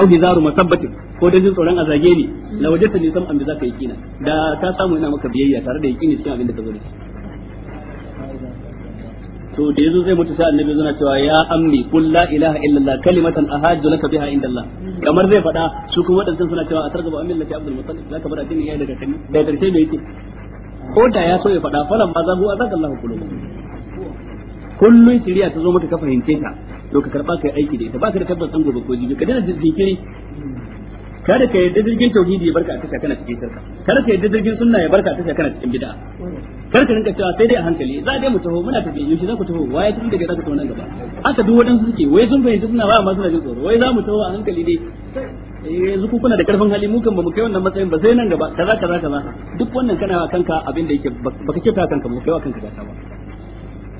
au hizaru masabbatin ko dan jin tsoron azage ne la wajata ni sam zaka yi kina da ta samu ina maka biyayya tare da yakini cikin abin da ka zo to da yazo zai mutu sai annabi zuna cewa ya ammi kul la ilaha illallah kalimatan ahajju laka biha indallah kamar zai fada su kuma wadansu suna cewa a targaba ammi lati abdul muttalib zaka bar addini yayi daga kani. da karshe me yake ko da ya so ya faɗa falan za mu azaka allah kullu kullun shiriya ta zo maka ka fahimce ta to ka karba kai aiki da ita baka da tabbas an gobe ko jibi ka dana jinkiri kada ka yadda jirgin tauhidi ya barka a tasha kana cikin shirka kada ka yadda jirgin sunna ya barka a tasha kana cikin bid'a kar ka rinka cewa sai dai a hankali za a dai mu taho muna tafi yanzu za ku taho waye tun daga za ku taho nan gaba haka duk waɗansu suke wai sun fahimci suna waya amma suna jin tsoro wai za mu taho a hankali dai eh, yanzu ku kuna da karfin hali mu kan ba mu kai wannan matsayin ba sai nan gaba kaza kaza kaza duk wannan kana kanka abin da yake baka kyauta kanka mu kai wa kanka gata ba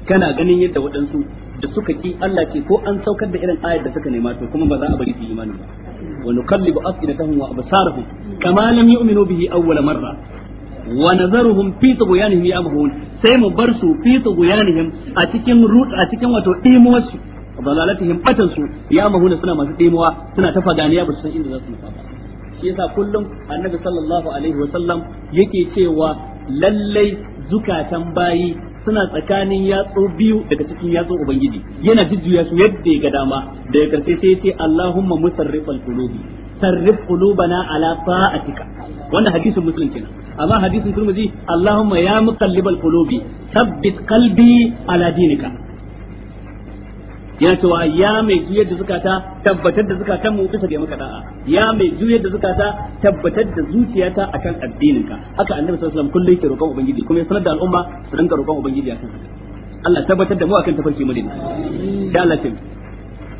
kana ganin yadda waɗansu da suka ki Allah ke ko an saukar da irin ayar da suka nema to kuma ba za a bari su imani ba wa nuqallibu afidatahum wa absarahum kama lam yu'minu bihi awwala marra wa nazaruhum fi tughyanihim ya'mahun sai mu bar su fi tughyanihim a cikin rut a cikin wato dimuwar su dalalatihim batan su ya'mahun suna masu dimuwa suna ta faganiya ba su san inda za su nufa ba shi yasa kullum annabi sallallahu alaihi wa sallam yake cewa lallai zukatan bayi suna tsakanin yatsu biyu daga cikin yatsu ubangiji yana jujjuya su yadda ya ga dama da ya karfe sai ce Allahumma musarrifal qulubi sarrif qulubana ala ta'atika wannan hadisin muslim kenan amma hadisin turmizi Allahumma ya muqallibal qulubi thabbit qalbi ala dinika yana cewa ya mai juyar da zukata tabbatar da zukatan mu bisa ga maka da'a ya mai juyar da zukata tabbatar da zuciyata akan addininka haka annabi sallallahu alaihi wasallam kullum yake roƙon ubangiji kuma ya sanar da al'umma su rinka roƙon ubangiji akan haka Allah tabbatar da mu akan tafarki mu dinka da Allah ce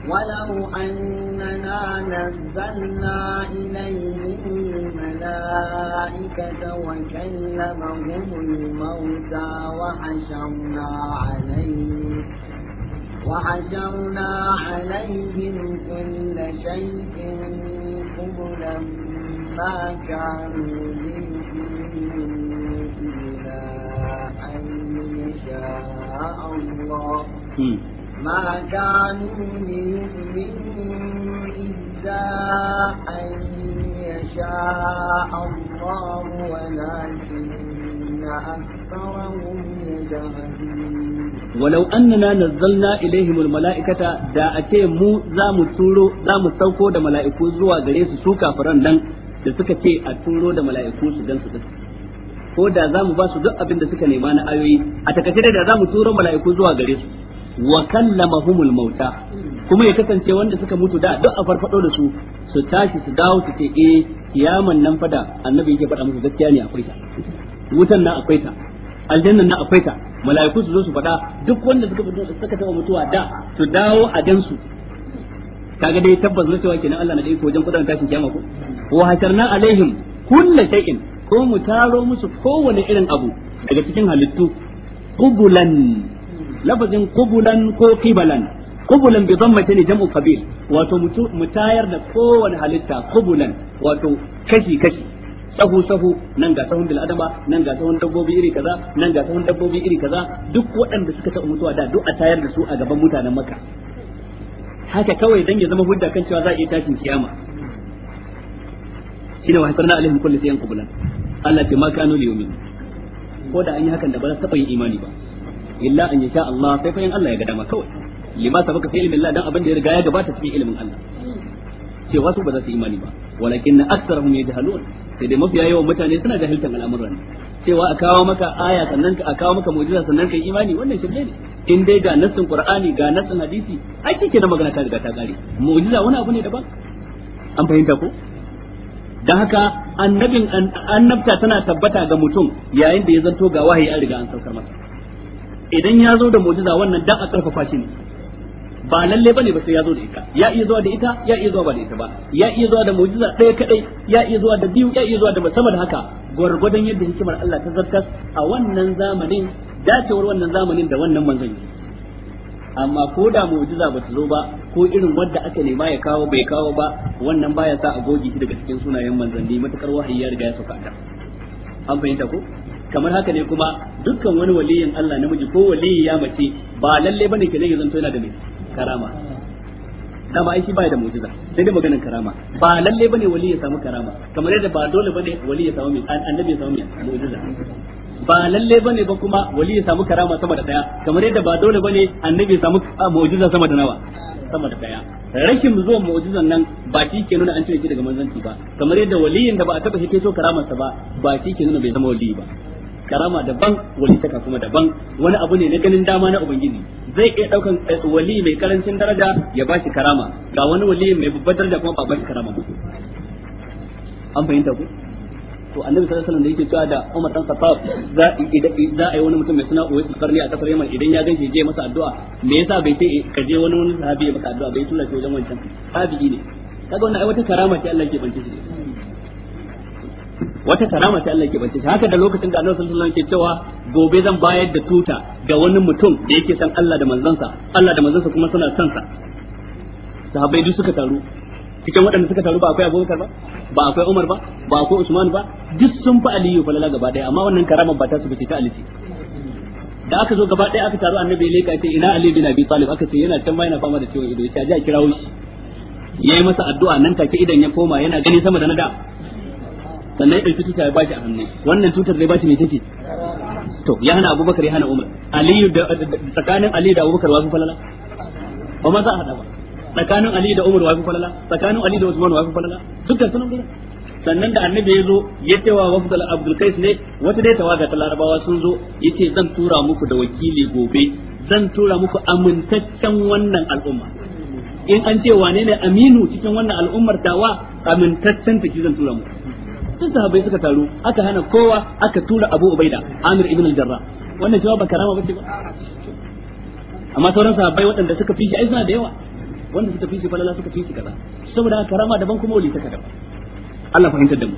ولو أننا نزلنا إليهم الملائكة وكلمهم الموتى وحشرنا عليهم وحشرنا عليهم كل شيء قبلا ما كانوا يؤمنون إلا أن يشاء الله ما كانوا ليؤمنوا إلا أن يشاء الله ولكن أكثرهم يجهلون walau annana nazzalna ilaihim almalaikata da a ce mu za mu turo za mu sauko da mala'iku zuwa gare su su kafiran nan da suka ce a turo da mala'iku su dan su ko da za mu ba su duk abin da suka nema na ayoyi a takaice da za mu turo mala'iku zuwa gare su wa kallamahumul mauta kuma ya kasance wanda suka mutu da duk a farfado da su su tashi su dawo su ce eh kiyaman nan fada annabi yake faɗa musu gaskiya ne akwai ta wutan nan akwai ta aljannan nan akwai ta mala'iku su zo su faɗa duk wanda suka fito suka taba mutuwa da su dawo a su. kaga dai tabbas na cewa kenan Allah na da iko wajen kudan tashin kiyama ko wa hasarna alaihim kullu shay'in ko mu taro musu kowane irin abu daga cikin halittu qubulan lafazin qubulan ko qibalan qubulan bi dhammatin jam'u qabil wato mu tayar da kowane halitta qubulan wato kashi kashi sahu sahu nan ga sahun bil adama nan ga sahun dabbobi iri kaza nan ga sahun dabbobi iri kaza duk waɗanda suka taɓa mutuwa da duk a tayar da su a gaban mutanen makka haka kawai dan ya zama hujja kan cewa za a iya tashin kiyama shine wa hasarna alaihim kulli sayyin qublan Allah ce ma kanu yumin ko da an yi hakan da ba za taɓa yin imani ba illa an yasha Allah sai fa Allah ya ga dama kawai lima sabaka fi ilmin Allah dan abin da ya riga ya gabata cikin ilimin Allah cewa su ba za su imani ba walakin na aktsarhum yajhalun sai dai mafiya yawan mutane suna jahiltan al'amuran cewa a kawo maka aya sannan a kawo maka mu'jiza sannan kai imani wannan shirme ne in dai ga nassin qur'ani ga nassin hadisi ai kike na magana ta riga ta kare mu'jiza wani abu ne daban an fahimta ko da haka annabin annabta tana tabbata ga mutum yayin da ya zanto ga wahayi an riga an saukar masa idan ya zo da mu'jiza wannan dan a karfafa shi ne ba lalle bane ba sai ya zo da ita ya iya zuwa da ita ya iya zuwa ba da ita ba ya iya zuwa da mu'jiza ɗaya kadai ya iya zuwa da biyu ya iya zuwa da sama da haka gwargwadon yadda hikimar Allah ta zartas a wannan zamanin dacewar wannan zamanin da wannan manzon amma ko da mu'jiza ba ta zo ba ko irin wanda aka nema ya kawo bai kawo ba wannan baya sa a goge shi daga cikin sunayen manzanni matakar wahayi ya riga ya sauka ta an fahimta ko kamar haka ne kuma dukkan wani waliyin Allah namiji ko waliyi ya mace ba lalle bane kenan ya zanto yana da mai karama da ba shi bai da mu'jiza sai dai maganar karama ba lalle bane wali ya samu karama kamar yadda ba dole bane wali ya samu annabi ya samu mu'jiza ba lalle bane ba kuma wali ya samu karama sama da daya kamar yadda ba dole bane annabi ya samu ah, mu'jiza sama da nawa sama da daya rashin zuwan mu'jizan nan ba shi ke nuna an cire shi daga manzanci ba kamar yadda waliyin da ba a taba shi ke so karamarsa ba ba shi ke nuna bai zama wali ba karama daban taka kuma daban wani abu ne na ganin dama na ubangiji zai iya daukan eh, wali mai karancin daraja ya ba shi karama ga wani wali mai babbar daraja kuma ba ba shi karama ba an fahimta ku to annabi sallallahu alaihi wasallam da yake cewa da Umar dan Khattab za za a yi wani mutum mai suna Uwais Qarni a kasar Yaman idan ya ganshi je masa addu'a me yasa bai ce ka je wani wani sahabi ya maka addu'a bai tura shi wajen wancan sahabi ne kaga wannan ai wata karama ce Allah ke bance shi wata karama ta Allah ke bance haka da lokacin da Annabi sallallahu alaihi wasallam ke cewa gobe zan bayar da tuta ga wani mutum da yake san Allah da manzansa Allah da manzansa kuma suna san sa sahabbai duk suka taru cikin waɗanda suka taru ba akwai Abubakar ba ba akwai Umar ba ba akwai Usman ba duk sun fi Aliyu lalla gaba daya amma wannan karama ba ta su bace ta aliyu da aka zo gaba daya aka taru Annabi ne ka ce ina Ali bin Abi Talib aka ce yana can ba yana fama da ciwon ido ya ce a kirawo shi yayi masa addu'a nan take idan ya koma yana gani sama da na da sannan ya ɗauki tuta ya bashi a hannu wannan tutar da ya bashi mai take to ya hana abubakar ya hana umar aliyu da tsakanin aliyu da abubakar wafi falala ba ma za a hada ba tsakanin aliyu da umar wafi falala tsakanin aliyu da usman wafi falala suka suna gura sannan da annabi ya zo ya ce wa dala abdul kais ne wata dai tawaga ta larabawa sun zo ya ce zan tura muku da wakili gobe zan tura muku amintaccen wannan al'umma in an ce wane ne aminu cikin wannan al'ummar tawa amintaccen take zan tura muku duk sahabbai suka taru aka hana kowa aka tura Abu Ubaida Amir ibn al-Jarrah wannan cewa ba karama bace ba amma sauran sahabbai waɗanda suka fi shi ai suna da yawa wanda suka fi shi falala suka fi shi kaza saboda karama daban kuma wali ta daban Allah fahimtar da mu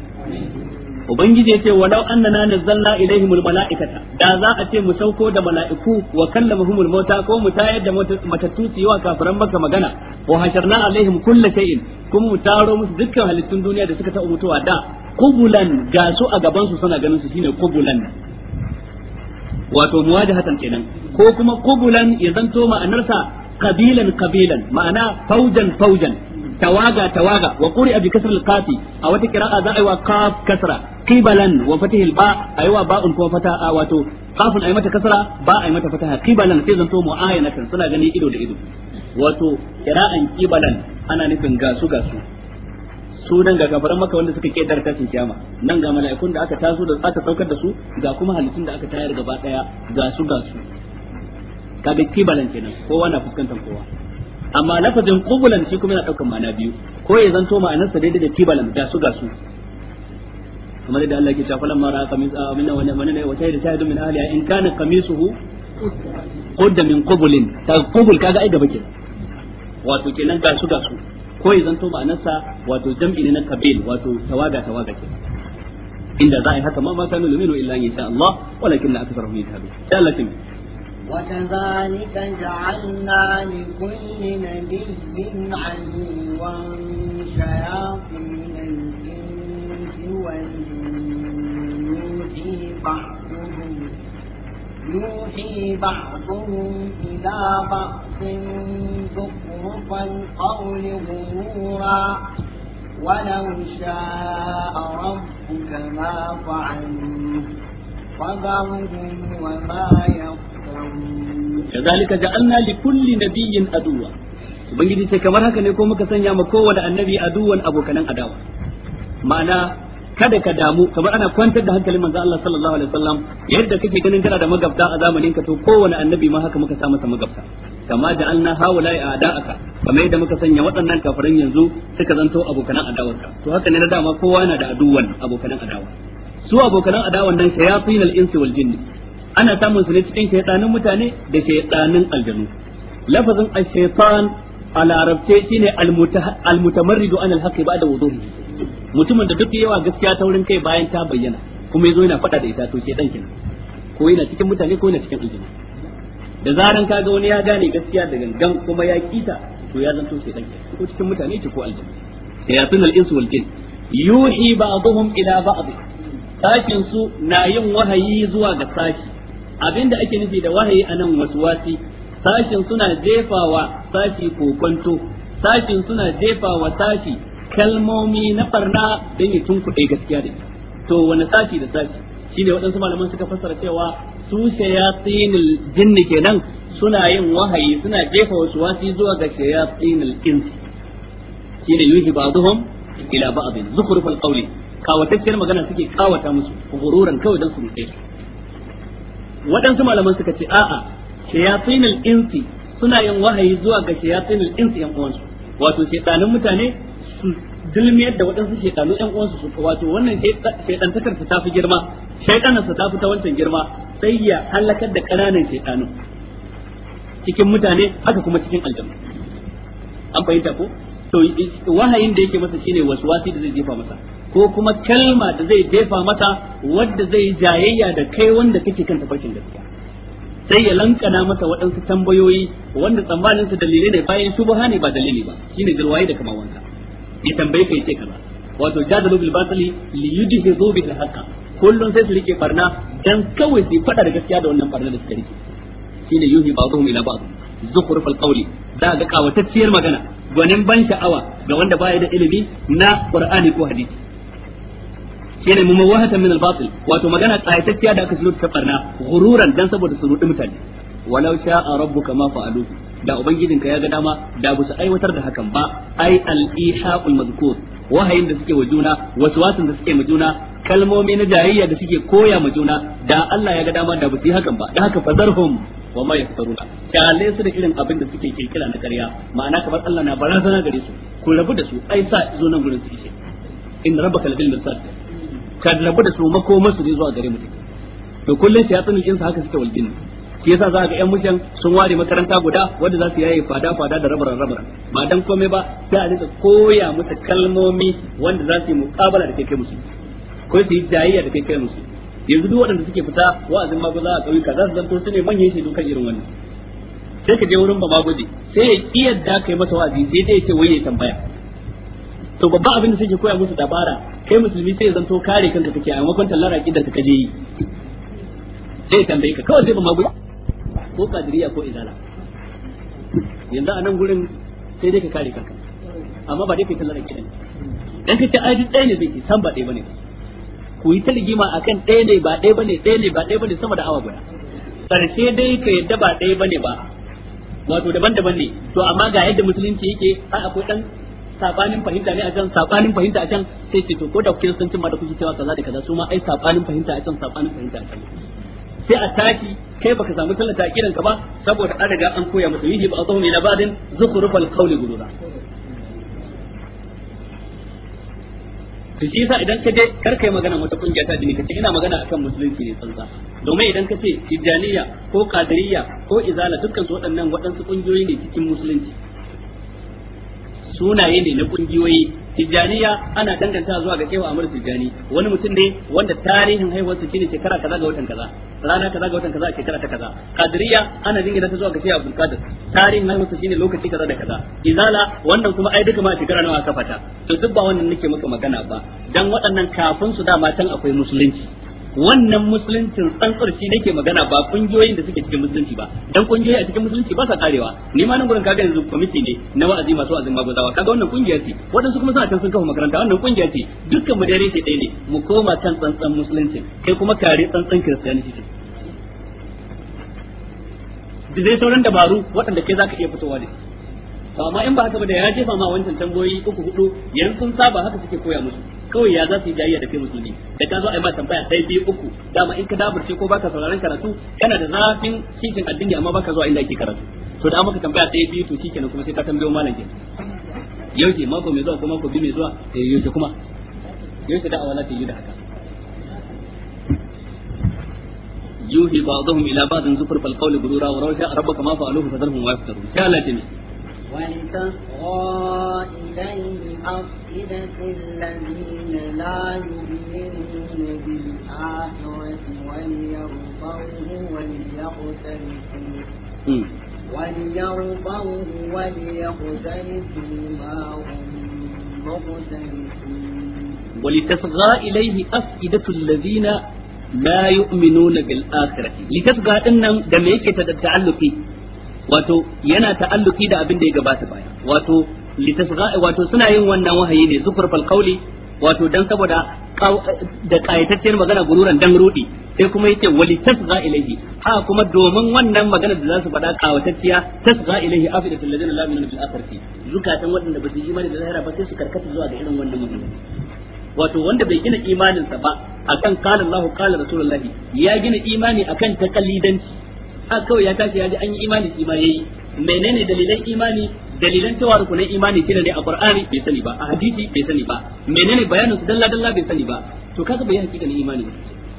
ubangiji yace walau annana nazzalna ilaihimul malaikata da za a ce mu sauko da malaiku wa kallamahumul mauta ko mu tayar da matattu su yawa kafiran maka magana wa hasharna alaihim kulli shay'in kuma mu taro musu dukkan halittun duniya da suka taɓa mutuwa da kubulan ga su a gaban su suna ganin su shine kubulan wato muwajahatan kenan ko kuma kubulan ya zanto ma'anarsa kabilan kabilan ma'ana faujan faujan tawaga tawaga wa quri'a bi kasr al qafi a wata qira'a za a yi wa qaf kasra qibalan wa fatih al-ba a yi wa ba'un ko fata wato qafun ayi mata kasra ba yi mata fataha qibalan sai zanto mu'ayanatan suna gani ido da ido wato qira'an qibalan ana nufin gasu gasu su ga gafaran maka wanda suka ke dar sun kiyama nan ga mala'ikun da aka taso da aka saukar da su ga kuma halittun da aka tayar gaba daya ga su ga su kaga kibalan kenan kowa na fuskantar kowa amma lafazin qubulan shi kuma yana daukan ma'ana biyu ko ya zanto ma'anarsa daidai da tibalan ga su ga su kamar da Allah ke cewa falamma ra'a qamis a minna wa man ne wa shahida shahidun min ahliha in kana qamisuhu qudda min qubulin ta qubul kaga ai gaba ke wato kenan ga su ga su ko ya zanto ma'anarsa wato jam'i ne na kabil wato tawaga tawaga kenan inda za a yi haka ma ma kanu luminu illa in sha Allah walakin la akthar hum yakabir sai Allah وكذلك جعلنا لكل نبي عدوا شياطين الإنس والجن يوحي بعضهم يوحي بعضهم إلى بعض زخرف القول غرورا ولو شاء ربك ما فعلوه فذرهم وما يقولون kazalika ja'alna li kulli nabiyyin aduwa ubangiji ce kamar haka ne ko muka sanya ma kowane annabi aduwan abokanan adawa ma'ana kada ka damu kamar ana kwantar da hankalin manzo Allah sallallahu alaihi wasallam yadda kake ganin kana da magabta a zamanin ka to kowane annabi ma haka muka sa masa magabta kama da alna haula ya ada'aka kamar yadda muka sanya waɗannan kafirin yanzu suka zanto abokanan ka to haka ne na dama kowa yana da aduwan abokanan adawa su abokanan adawan nan shayatin al-insi wal jinni ana samun su ne cikin shaytanin mutane da shaytanin aljanu lafazin ash-shaytan a larabce shine ne mutamarridu an al ba ba'da wuduhi mutumin da duk yawa gaskiya ta wurin kai bayan ta bayyana kuma yazo yana fada da ita to shaytan kenan ko yana cikin mutane ko yana cikin aljanu da zaran kaga wani ya gane gaskiya da gangan kuma ya kita to ya zanto shaytan ko cikin mutane ce ko aljanu shayatin al-insu wal jin yuhi ba'dhum ila ba'd sashin su na yin wahayi zuwa ga sashi Abin da ake nufi da wahayi a nan waswasi sashin suna jefawa sashi kokonto sashin suna jefawa sashi kalmomi na barna don ya tunkuɗe gaskiya da to wani sashi da sashi shi ne waɗansu malaman suka fassara cewa su shayatsinil jinni kenan suna yin wahayi suna jefa wasu wasi zuwa ga shayatsinil insi ne yuhi ba'dhum ila ba'd zukhrufal qawli kawatacciyar magana suke kawata musu gururan kawai don su mutai. su waɗansu malaman suka ce a'a al insi suna yin wahayi zuwa ga al insi yan uwansu wato shaytanin mutane su dulmiyar da waɗansu shaytanu yan uwansu su wato wannan shaytantakar ta fi girma shaytanin sa ta fi ta wancan girma sai ya halakar da ƙananan shaytanu cikin mutane haka kuma cikin aljanna an fahimta ko to wahayin da yake masa shine waswasi da zai jefa masa ko kuma kalma da zai jefa mata wadda zai jayayya da kai wanda kake kan tafarkin gaskiya sai ya lankana mata waɗansu tambayoyi wanda tsammanin su ne bayan su ne ba dalili ba shine girwaye da kamar wanka ya tambaye kai ce kaza wato jadalu bil batili li yudhizu bil haka kullun sai su rike barna dan kawai su fada da gaskiya da wannan barna da suka rike shine yuhi ba'dhum ila ba'd zukhruf al qawli da ga kawatacciyar magana gwanin ban sha'awa ga wanda baya da ilimi na qur'ani ko hadisi shine mumawahatan min al-batil wato magana tsayatacciya da aka shiro ta barna gururan dan saboda su rudi mutane walau sha'a rabbuka ma fa'alu da ubangijinka ya ga dama da ba su aiwatar da hakan ba ai al-ihaqul madhkur wahayin da suke wa juna wasan da suke ma juna kalmomi na jayayya da suke koya ma juna da Allah ya ga dama da ba su yi hakan ba da haka fazarhum wa ma yaftaruna kyale su da irin abin da suke kirkira na ƙarya ma'ana kamar Allah na barazana gare su ku rabu da su ai sa zo nan gurin su ishe in rabbaka ladil mirsad ka rabu da su makomar su ne zuwa gare mu to kullun shayatun insa haka suke walgin shi yasa za ga yan mushan sun ware makaranta guda wanda za su yaye fada fada da rabaran rabaran ba dan komai ba sai a rika koya musu kalmomi wanda za su yi muqabala da kai musu ko su yi jayayya da kai musu yanzu duk waɗanda suke fita wa'azin za a ƙauyuka za su zanto su ne manyan shaidu kan irin wannan sai ka je wurin ba maguzi sai ya da kai masa wa'azi sai dai ya ce wai ya tambaya to babba abin da suke koya musu dabara kai musulmi sai ya zanto kare kanka kake a makon tallara kidan ka kaje yi sai tambaye ka kawai sai ba magu ko kadiriya ko izala yanzu a nan gurin sai dai ka kare kanka amma ba dai kai tallara kidan dan kace ai ɗaya ne zai san ba ɗaya bane ku yi ta rigima akan ɗaya ne ba ɗaya bane ɗaya ne ba ɗaya bane sama da awa guda karshe dai ka yadda ba ɗaya bane ba wato daban-daban ne to amma ga yadda musulunci yake ai akwai dan sabanin fahimta ne a can sabanin fahimta a can sai ce to ko da cin ma da kuke cewa kaza da kaza su ma ai sabanin fahimta a can sabanin fahimta a can sai a tashi kai baka samu tallata kiran ka ba saboda an riga an koya musu yihi ba a azhum ila ba'din zukhrufal qawli gurura to shi idan ka je kar kai magana wata kungiya ta dini kace ina magana akan musulunci ne tsantsa domin idan ka ce tijaniya ko qadiriyya ko izala dukkan su waɗannan waɗansu kungiyoyi ne cikin musulunci sunaye ne na kungiyoyi tijjaniya ana danganta zuwa ga shehu amur tijani wani mutum ne wanda tarihin haihuwar su shine shekara kaza ga watan kaza rana kaza ga watan kaza shekara ta kaza kadiriya ana dingina ta zuwa ga shehu abdul kadir tarihin haihuwarsa shine lokaci kaza da kaza izala wannan kuma ai duka ma shekara nawa aka fata to duk ba wannan nake maka magana ba dan waɗannan kafin su da matan akwai musulunci wannan musuluncin tsantsar shi nake magana ba kungiyoyin da suke cikin musulunci ba dan kungiyoyi a cikin musulunci ba sa karewa ni ma nan gurin kaga yanzu kwamiti ne na wa'azi masu wa'azin magudawa kaga wannan kungiya ce wadansu kuma suna can sun kafa makaranta wannan kungiya ce dukkan mu dare ce ɗaya ne mu koma kan tsantsan musulunci kai kuma kare tsantsan kiristiyanci da dai sauran dabaru waɗanda kai zaka iya fitowa da to amma in ba haka ba da ya jefa ma wancan tambayoyi uku hudu yanzu sun saba haka suke koya musu kawai ya za su yi jayayya da kai musulmi da ka zo a yi ma tambaya sai biyu uku dama in ka dabarce ko baka sauraron karatu kana da zafin cikin addini amma baka zuwa inda ake karatu to da maka tambaya sai biyu to shikenan kuma sai ka tambayo malam ke yau ce mako mai zuwa ko mako biyu mai zuwa eh yau ce kuma yau ce da'awa za ta yi da haka yuhi ba'dhum ila ba'dhin zufur fal qawli gurura wa rawsha rabbaka ma fa'aluhu fadharhum wa yaftarun sha Allah ولتصغى إليه أفئدة الذين لا يؤمنون بالآخرة وليرضوه وليقترفوا وليرضوه وليقترفوا ما هم مقترفون ولتصغى إليه أفئدة الذين لا يؤمنون بالآخرة لتصغى إنهم دم يكتد التعلق wato yana ta'alluki da abin da ya gabata baya wato litasgha wato suna yin wannan wahayi ne fal qawli wato dan saboda da kayatacciyar magana gururan dan rudi sai kuma yake wali tasgha ilayhi ha kuma domin wannan magana da za su faɗa kawatacciya tasgha ilayhi afidatul ladina la yu'minuna bil akhirati zukatan waɗanda ba su yi imani da lahira ba sai su karkata zuwa ga irin wannan magana wato wanda bai gina imaninsa ba akan qala Allahu qala rasulullahi ya gina imani akan taqallidanci a kawai ya tashi ya ji an yi imani shi ma yayi menene dalilan imani dalilan cewa rukunin imani shine ne a Qur'ani bai sani ba a hadisi bai sani ba menene bayanin su dalla dalla bai sani ba to kaga bai hakikanin imani ba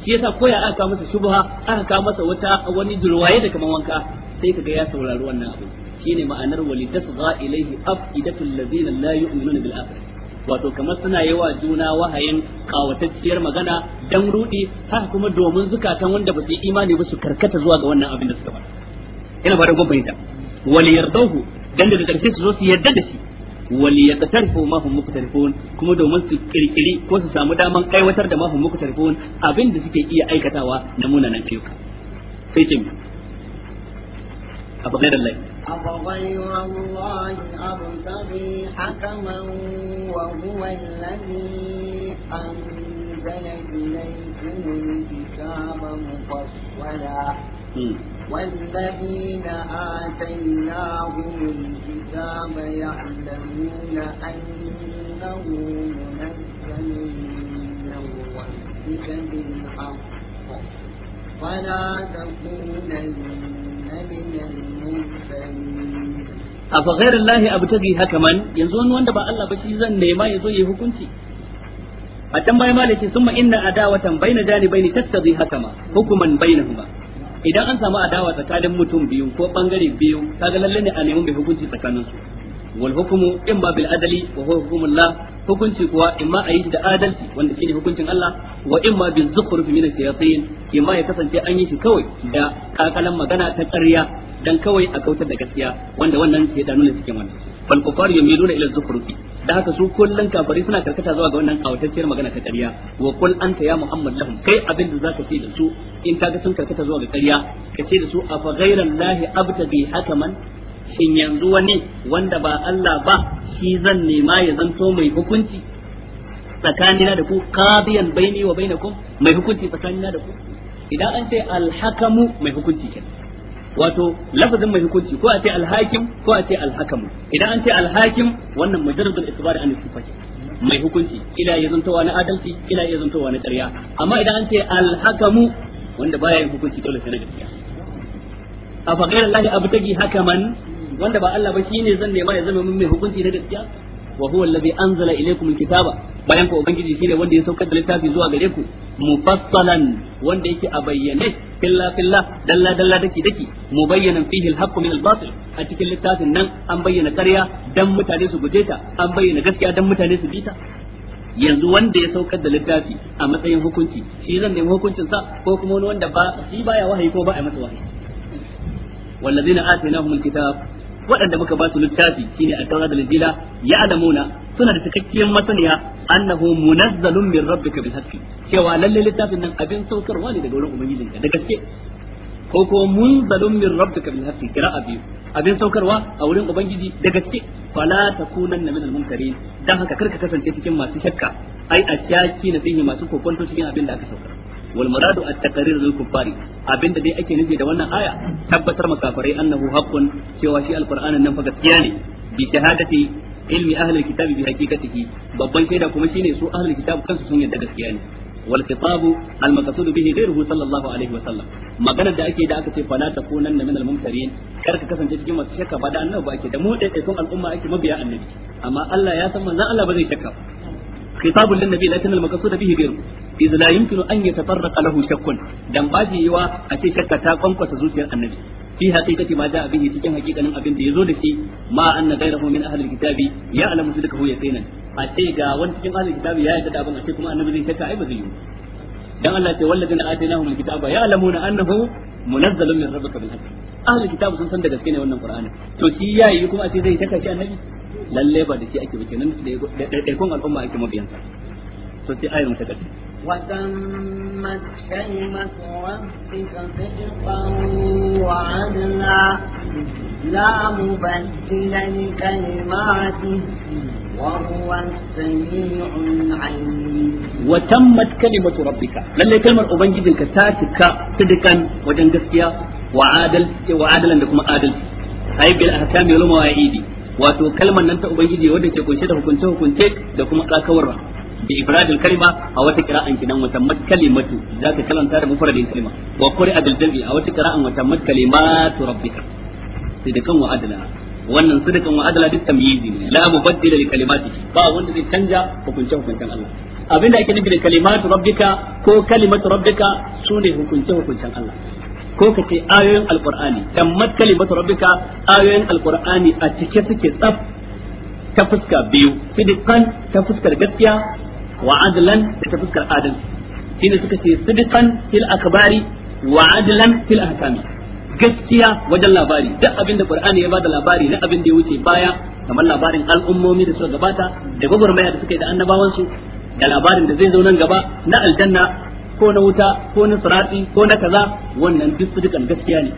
shi yasa ko ya aka masa shubha aka ka masa wata wani durwaye da kaman wanka sai kaga ya saurari wannan abu shine ma'anar walitasgha ilaihi afidatul ladina la yu'minuna bil akhirah wato kamar suna yi wa juna wahayin kawatacciyar magana dan rudi haka kuma domin zukatan wanda ba su yi imani ba su karkata zuwa ga wannan abin da suka faɗa ina fatan kun ta wal yardahu dan da karshe su zo su yarda da shi wal yatarfu ma hum muqtarifun kuma domin su kirkiri ko su samu daman aiwatar da ma hum muqtarifun abin da suke iya aikatawa na munanan fiyuka sai kin A gairar lai. Afagbaira Allah abdari hakaman wa huwa lalli an zala ilai kunun ikama mufaswala. والذين آتيناهم الكتاب يعلمون أنه منزل afa ghairu lahi abu ta haka man yanzu wani wanda ba Allah ba shi zan nema ya zo ya hukunci a can baya ma summa inna adawatan baina janibaini tattabi hakama hukuman bainahuma idan an samu adawa tsakanin mutum biyu ko bangare biyu kaga lalle ne a neman bai hukunci tsakanin su wal hukmu imma bil wa huwa hukunci kuwa imma a yi da adalci wanda shine hukuncin Allah wa imma bil zukhruf min ash-shayatin imma ya kasance an yi shi kawai da kakalan magana ta ƙarya dan kawai a kautar da gaskiya wanda wannan ce da nuna cikin wannan fal nuna yamiluna ila zukhrufi da haka su kullun kafari suna karkata zuwa ga wannan kawatacciyar magana ta ƙarya wa qul anta ya muhammad lahum kai abin da ka ce da su in kaga sun karkata zuwa ga ƙarya ka ce da su afa ghayra allahi haka man. shin yanzu wani wanda ba Allah ba shi zan nema ya zanto mai hukunci tsakanina da ku qadiyan baini wa bainakum mai hukunci tsakanina da ku idan an ce alhakamu mai hukunci kenan wato lafazin mai hukunci ko a ce alhakim ko a ce alhakamu idan an ce alhakim wannan mujarradul isbar an sifa mai hukunci Ila ya zantowa na adalci ila ya zantowa na ƙarya amma idan an ce alhakamu wanda baya yin hukunci dole sai na gaskiya a faqira Allah abtagi hakaman wanda ba Allah ba shine zan nema ya zama mun mai hukunci na gaskiya wa huwa allazi anzala ilaykum alkitaba bayan ko ubangiji shine wanda ya saukar da littafi zuwa gare ku mufassalan wanda yake a bayyane filla filla dalla dalla dake dake mubayyanan fihi alhaqqu min albatil a cikin littafin nan an bayyana ƙarya dan mutane su guje ta an bayyana gaskiya dan mutane su bita yanzu wanda ya saukar da littafi a matsayin hukunci shi zan nemi hukuncin sa ko kuma wani wanda ba shi baya wahayi ko ba a masa wahayi wallazina atainahumul kitab waɗanda muka ba su littafi shine at dila da injila ya'lamuna suna da cikakkiyar masaniya annahu munazzalun min rabbika bil cewa lalle littafin nan abin saukarwa ne daga wurin ubangijinka da gaske ko ko munzalun min rabbika bil qira'a biyu abin saukarwa a wurin ubangiji da gaske fala takunanna min al dan haka karka kasance cikin masu shakka ai a shaki na fihi masu kokonto cikin abin da aka saukar wal muradu at taqrir lil kuffari abinda dai ake nufi da wannan aya tabbatar makafarai annahu haqqun cewa shi alqur'anin nan fa gaskiya ne bi shahadati ilmi ahli alkitabi bi haqiqatihi babban shaida kuma shine su ahli alkitab kansu sun yadda gaskiya ne Wal والخطاب المقصود به غيره صلى sallallahu alaihi wa sallam كان da ake da aka ce fala takunanna min al-mumtarin kar ka kasance cikin masu shakka ba da annabi ba ake da mu da kun al'umma ake mabiya annabi amma Allah ya san manzon Allah ba zai shakka khitabul lin nabi lakin al-maqsud bihi ghayru idza la yumkinu an yatatarraqa lahu shakkun dan baji yawa a ce shakka ta kwankwasa anna ghayrahu min a ai ba zai yi وتمت كلمة ربك صدقا وعدلا لا مبدل لكلماته وهو السميع العليم وتمت كلمة ربك لله كلمة أبنجدك تاتك صدقا وجنجسيا وعادل وعادلا لكم عادل أي بالأحكام يلوم وعيدي wato kalmar nan ta ubangiji wadda ke kunshe da hukunce hukunce da kuma kakawar bi ifradil kalima a wata qira'an kinan wata tammat kalimatu zaka kalanta da mufradin kalima wa qira'a bil jam'i a wata qira'an wa tammat kalimatu rabbika sidikan wa Adala. wannan sidikan wa Adala duk tamyizi ne la mubaddila li kalimati ba wanda zai canja hukunce hukuncen Allah abinda ake nufi da kalimatu rabbika ko kalimatu rabbika sune hukunce hukuncen Allah ko ka ce ayoyin alqur'ani tammat kalimatu rabbika ayoyin alqur'ani a cike suke tsaf ta fuska biyu sidikan ta fuskar gaskiya wa adlan ta fuskar adalci shine suka ce sidqan fil akbari wa gaskiya wajen labari duk abin da qur'ani ya bada labari na abin da ya wuce baya kamar labarin al'ummomi da suka gabata da gwagwarmaya da suka yi da annabawansu da labarin da zai zo nan gaba na aljanna ko na wuta ko na sirati ko na kaza wannan duk sidqan gaskiya ne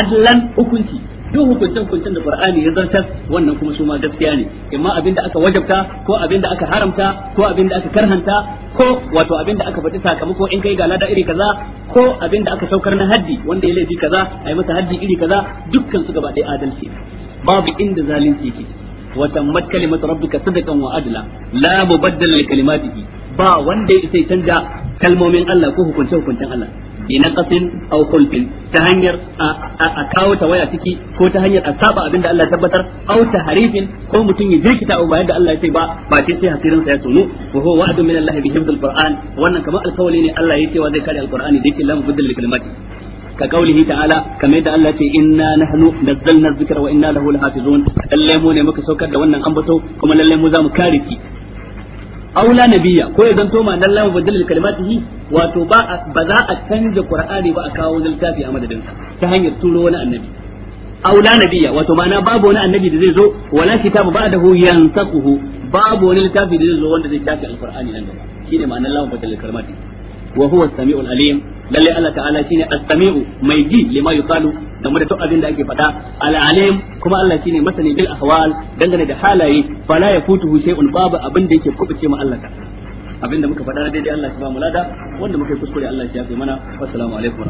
adlan hukunci duk hukuncin hukuncin da Qur'ani ya zartar wannan kuma su ma gaskiya ne imma abinda aka wajabta ko abinda aka haramta ko abinda aka karhanta ko wato abinda aka faɗi sakamako in kai ga lada iri kaza ko abinda aka saukar na haddi wanda ya laifi kaza a yi masa haddi iri kaza dukkan su gaba ɗaya adalci babu inda zalunci yake وتمت كلمة ربك صدقا وعدلا لا مبدل لكلماته با وندي سي تنجا كلمة من الله كوه كنت كنت الله inaqasin aw khulfin ta hanyar a kawo ta waya ciki ko ta hanyar a saba abinda Allah tabbatar aw harifin ko mutum ya jirkita abu bayan da Allah ya ce ba ba ce sai hasirin sa ya tunu wa huwa wa'dun min Allah bi qur'an wannan kamar alkawali ne Allah ya ce wa zai kare alqur'ani da yake lamu bidal kalimati ka kaulihi ta'ala kamar yadda Allah ce inna nahnu nazzalna dhikra wa inna lahu lahafizun lalle mu ne muka saukar da wannan ambato kuma lalle mu za kare shi aula nabiyya ko ya zanto ma dan lamu badal kalimatihi wato ba ba za a canja qur'ani ba a kawo littafi a madadin ta hanyar turo wani annabi aula nabiyya wato ma'ana babu wani annabi da zai zo wala kitabu ba'dahu yansaquhu babu wani littafi da zai zo wanda zai shafi alqur'ani nan gaba shine wa huwa as-sami'ul alim lalle Allah ta'ala shine as-sami'u mai ji lima yuqalu game da duk abin da ake faɗa al-alim kuma Allah shine masani bil ahwal dangane da halaye fala yafutuhu shay'un babu abin da yake kubuce ma Allah ta'ala abin da muka faɗa daidai Allah shi ba mu lada wanda muka yi kuskure Allah shi ya fi mana assalamu alaikum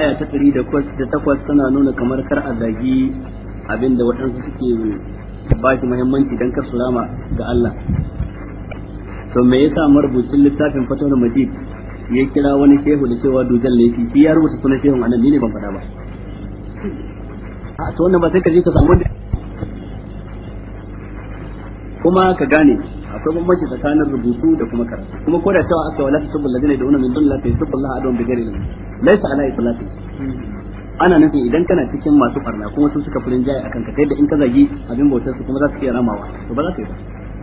aya ta 108 tana nuna kamar kar a zagi abin waɗansu suke ba shi muhimmanci don kar su ga Allah to me yasa marubucin littafin fatawar majid ya kira wani shehu da cewa dujan laifi shi ya rubuta sunan shehun anan ne ban faɗa ba a tsohon wannan ba sai ka je ka samu kuma ka gane akwai bambanci tsakanin rubutu da kuma karatu kuma ko da cewa aka wala tasubbu alladhina yad'una min dunillahi fa yasubbu Allah adwan bi ghairi laisa laysa ala islati ana nufin idan kana cikin masu barna kuma su suka furin jaye akan ka sai da in ka zagi abin bautar su kuma za su iya ramawa to ba za su yi ba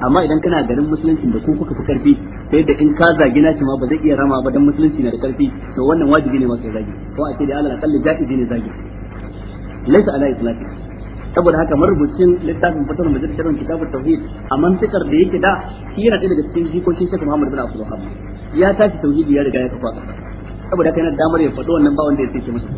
amma idan kana garin musulunci da ku kuka fi karfi ta yadda in ka zagi na ma ba zai iya rama ba dan musulunci na da karfi to wannan wajibi ne masu zagi ko a ce da Allah akalli ja'izi ne zagi laisa ala islaki saboda haka marubucin littafin fatar majalisar kitabut tauhid a mantikar da yake da shi yana daga cikin jikokin shekaru Muhammad bin Abdul Wahhab ya tashi tauhidi ya riga ya kafa saboda haka yana damar ya faɗo wannan ba wanda ya sake masa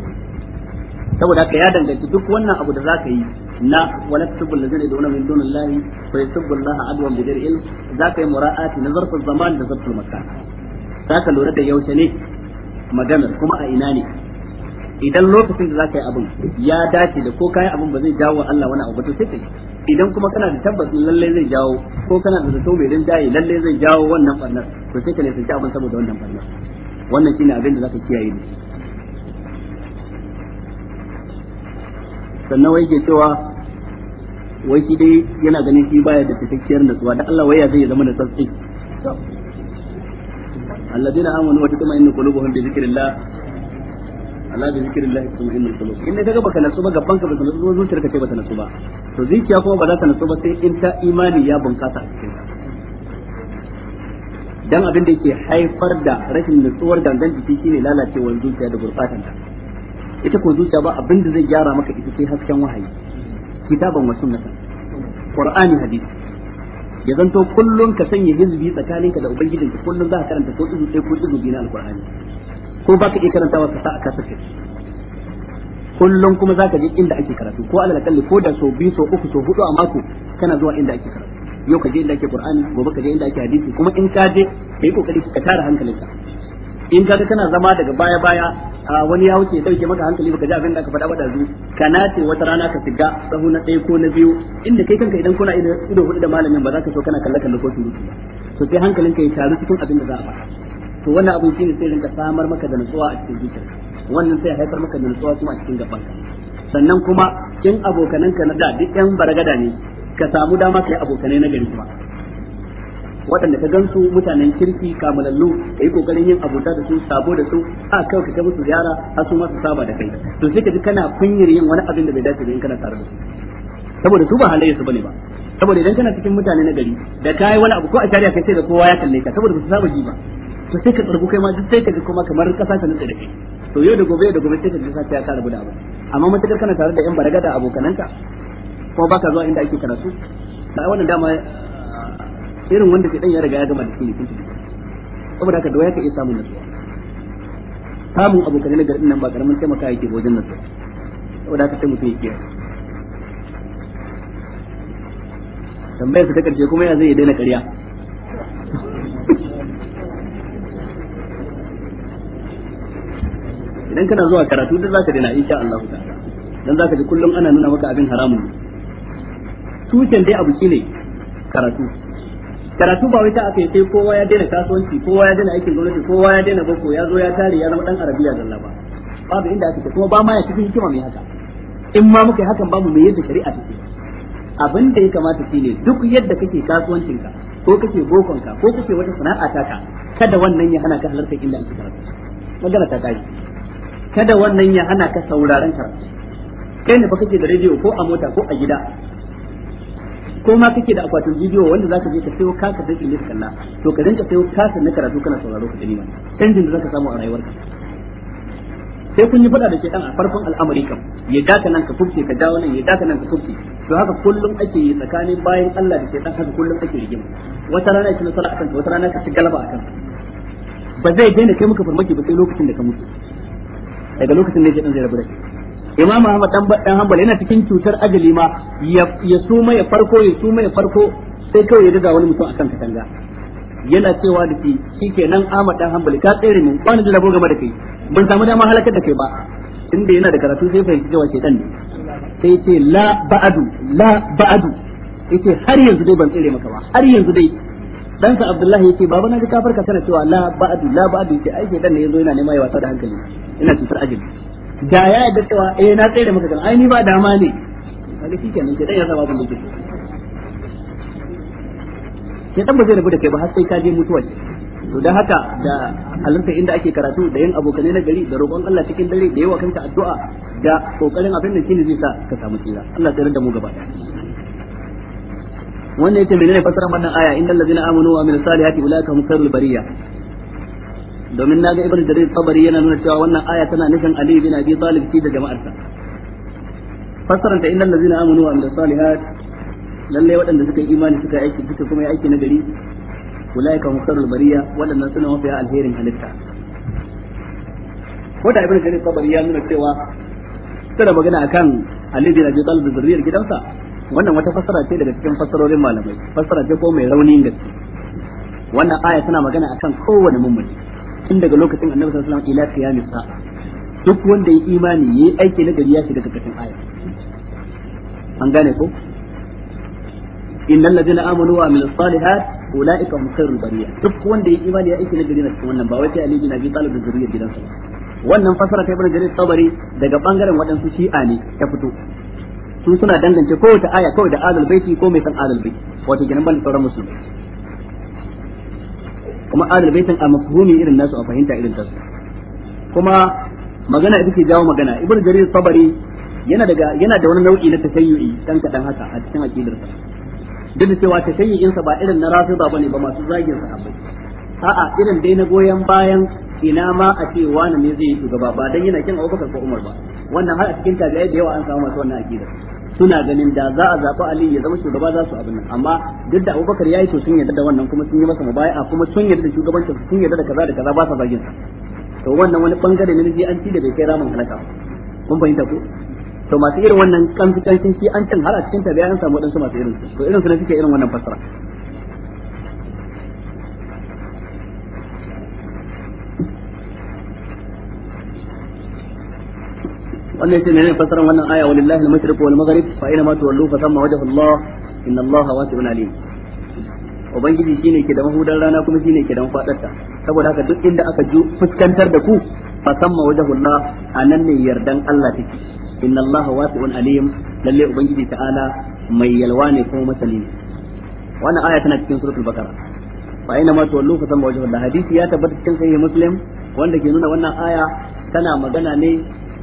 saboda haka ya danganci duk wannan abu da za ka yi na wala tusubbu allazina yad'una min dunillahi fa yusubbu allaha adwan bighairi ilm zaka yi mura'ati na zarfin zaman da makka. Za ka lura da yaushe ne maganar kuma a ina ne idan lokacin da zaka yi abin ya dace da ko kayan abin ba zai jawo Allah wani abu to sai kai idan kuma kana da tabbacin lallai zai jawo ko kana da zato mai rinjaye lallai zai jawo wannan barnar to sai ka ne sun abin saboda wannan barnar wannan shine abin da za ka kiyaye ne sannan wai ke cewa wai shi dai yana ganin shi baya da cikakkiyar nutsuwa da Allah ya zai zama tsatsi alladina amanu wa inna qulubuhum bi zikrillah ala bi zikrillah inna qulub in kaga baka nasu ba gaban ka baka nasu ba zuciyarka ce bata nasu ba to zuciya kuma ba za ta nasu ba sai in ta imani ya bunkasa a cikin dan abin da yake haifar da rashin nutsuwar gangan shine lalacewar zuciya da gurbatanta ta ita ko zuciya ba abin da zai gyara maka ita sai hasken wahayi kitaban wa sunnata qur'ani hadisi ya zanto kullun ka sanya hizbi tsakaninka da ubangijinka kullun za ka karanta ko izu sai ko izu biyu na alqur'ani ko ba ka iya karantawa ka sa aka sake kullum kuma za ka je inda ake karatu ko alal kalli ko da so biyu so uku so hudu a mako kana zuwa inda ake karatu yau ka je inda ake qur'ani gobe ka je inda ake hadisi kuma in ka je kai kokari ka tara hankalinka in ka kana zama daga baya baya a wani ya wuce dauke maka hankali baka ji abin da aka faɗa ba da zu kana ce wata rana ka shiga tsaho na ɗaya ko na biyu inda kai kanka idan kuna ido hudu da malamin ba za ka so kana kalle kalle ko surutu ba to sai hankalinka ya taru cikin abin da za a faɗa to wannan abin shine sai rinka samar maka da nutsuwa a cikin zuciyarka wannan sai haifar maka da nutsuwa kuma a cikin ka sannan kuma in abokananka na da duk yan baragada ne ka samu dama kai abokanai na gari kuma waɗanda ka gansu mutanen kirki kamalallu yi kokarin yin abuta da su sabo da su a kai ka kai musu ziyara a su masu saba da kai to sai ka ji kana kunyar yin wani abin da bai dace da in kana tare da su saboda su ba halayya su bane ba saboda idan kana cikin mutane na gari da yi wani abu ko a shari'a kai sai da kowa ya kalle ka saboda su saba ji ba to sai ka tsargu kai ma duk sai ka ji kuma kamar kasa ta nutsa da kai to yau da gobe da gobe sai ka ji sai ya kara rabu ba amma matakar kana tare da yan baragada abokananta kuma baka zuwa inda ake karatu da wannan dama irin wanda ke dan ya riga ya gama da shi ne kun shi saboda haka da ya ka iya samun nasuwa samun abokanai na garin nan ba karamin taimaka yake ba wajen nasuwa saboda haka sai mutum ya kiyaye tambayar ta karshe kuma ya zai daina ƙarya idan kana zuwa karatu duk zaka daina insha Allah ta dan zaka ji kullum ana nuna maka abin haramun tushen dai abu shine karatu karatu ba wai ta aka yi sai kowa ya daina kasuwanci kowa ya daina aikin gwamnati kowa ya daina boko ya zo ya tare ya zama dan arabiya zalla ba babu inda aka kuma ba ma ya cikin hikima mai haka in ma muka yi hakan babu mai yadda shari'a take abin da ya kamata shine duk yadda kake kasuwancinka ko kake bokonka ko kake wata sana'a ta ka kada wannan ya hana ka halartar inda ake karatu magana ta kai kada wannan ya hana ka sauraron karatu kai ne ba kake da rediyo ko a mota ko a gida ko ma kake da akwatin bidiyo wanda zaka je ka sayo kasa da ilmi kalla to ka rinka sayo kasa na karatu kana sauraro ka gani canjin da zaka samu a rayuwarka sai kun yi fada da shedan a farkon al'amari kam ya daka nan ka fufce ka dawo nan ya daka nan ka fufce to haka kullum ake yi tsakanin bayan Allah da shedan haka kullum ake rigima wata rana ki nasara akan wata rana ka ci galaba akan ba zai daina kai muka farmaki ba sai lokacin da ka mutu daga lokacin da shedan zai rabu da kai imam Ahmad dan dan hanbal yana cikin cutar ajali ma ya suma ya farko ya suma ya farko sai kawai ya daga wani mutum akan katanga yana cewa da shi shikenan Ahmad dan hanbali ka tsere min wani da rabo game da kai ban samu dama halakar da kai ba inda yana da karatu sai fahimci cewa shedan ne sai ce la ba'adu la ba'adu yace har yanzu dai ban tsere maka ba har yanzu dai dansa Abdullahi yace baba na ga kafarka tana cewa la ba'adu la ba'adu yace ai shedan ne yanzu yana nema ya wasa da hankali ina cutar ajali da ya da cewa eh na da maka kan ai ni ba dama ne ga shi kenan ke dan ya zama abin da yake ke dan ba zai rabu da kai ba har sai ka je mutuwa to dan haka da halarta inda ake karatu da yin abokanai na gari da roƙon Allah cikin dare da yawa kanka addu'a da kokarin abin da shine zai sa ka samu tsira Allah tsare da mu gaba wannan yace menene fasaran wannan aya innal ladzina amanu wa amilus salihati ulaika hum khairul bariyah domin na naga ibn jarir tabari yana nuna cewa wannan aya tana nufin ali bin abi talib shi da jama'arsa fassaran ta innal ladzina amanu wa amilus salihat lalle waɗanda suka yi imani suka aiki suka kuma yi aiki na gari ulaika hum khairul bariya waɗannan suna mafiya alherin halitta ko da ibn jarir tabari ya nuna cewa tana magana akan ali bin abi talib zuriyar gidansa wannan wata fassara ce daga cikin fassarorin malamai fassara ce ko mai raunin gaske wannan aya tana magana akan kowane mummuni tun daga lokacin annabi sallallahu alaihi wasallam ila qiyamis sa'a duk wanda ya imani yayi aiki na gari ya shiga cikin aya an gane ko innal ladina amanu wa amilus salihat ulaika hum khairul bariya duk wanda ya imani ya aiki na gari na cikin wannan ba wai sai ali bin abi talib da zuriyar gidansa wannan fasara ta ibn jarir tabari daga bangaren waɗansu shi'a ne ta fito su suna dangance kowace aya kowace da adal baiti ko mai san adal baiti wato kenan ban sauran musulmi kuma adal baitin a mafhumi irin nasu a fahimta irin tasu kuma magana ita ke jawo magana ibnu jarir sabari yana daga yana da wani nau'i na tashayyu'i dan kadan haka a cikin aqidarsa duk da cewa tashayyu'in sa ba irin na rafida bane ba masu zagin abai a'a irin dai na goyen bayan ina ma a ce wani ne zai yi shugaba ba dan yana kin Abubakar ko Umar ba wannan har a cikin tabi'ai da yawa an samu masu wannan aqidar suna ganin da za a zaɓi Ali ya zama shugaba za su abin nan amma duk da Abubakar yayi to sun yarda da wannan kuma sun yi masa mubaya'a kuma sun yarda da shugabanci sun yarda da kaza da kaza ba sa zagin sa to wannan wani bangare ne na an ci da bai kai ramin halaka kun fahimta ko to masu irin wannan kamfi kamfin shi an can har a cikin tabi'a an samu waɗansu masu irin su to irin su ne suke irin wannan fassara wannan yace menene fasaran wannan aya walillahi al-mashriq wal maghrib fa ina ma tuwallu fa wajhu Allah inna Allah wasi'un alim ubangiji shine ke da mahudan rana kuma shine ke da saboda haka duk inda aka fuskantar da ku fa thamma wajhu Allah anan ne yardan Allah take inna Allah wasi'un alim lalle ubangiji ta'ala mai yalwa ne kuma masani wannan aya tana cikin suratul baqara fa ina ma tuwallu fa wajhu Allah hadisi ya tabbata cikin sahih muslim wanda ke nuna wannan aya tana magana ne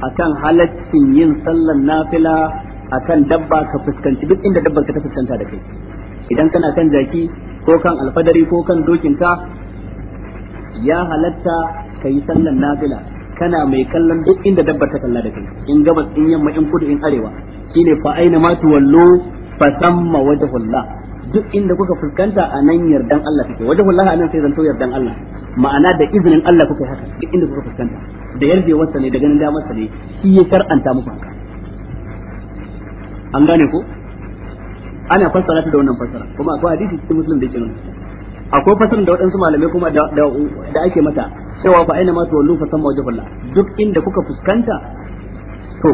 akan halaccin yin sallan nafila akan dabba ka fuskanci duk inda dabbar ka ta fuskanta da kai idan kana kan jaki ko kan alfadari ko kan dokinka ya halatta ka yi sallan nafila kana mai kallon duk inda dabbar ta kalla da kai in gabas in yamma in kudu in arewa shine fa aina ma tuwallu fa samma wajhullah duk inda kuka fuskanta a nan yardan Allah take wajhullah anan sai zanto yardan Allah ma'ana da izinin Allah kuka haka duk inda kuka fuskanta da yarjewarsa ne da ganin damarsa ne shi ya karanta muku haka an gane ko ana fassara ta da wannan fassara kuma akwai hadisi cikin musulun da yake nuna akwai fassarar da waɗansu malamai kuma da ake mata cewa fa aina ma tuwallu fa samma wajhullah duk inda kuka fuskanta to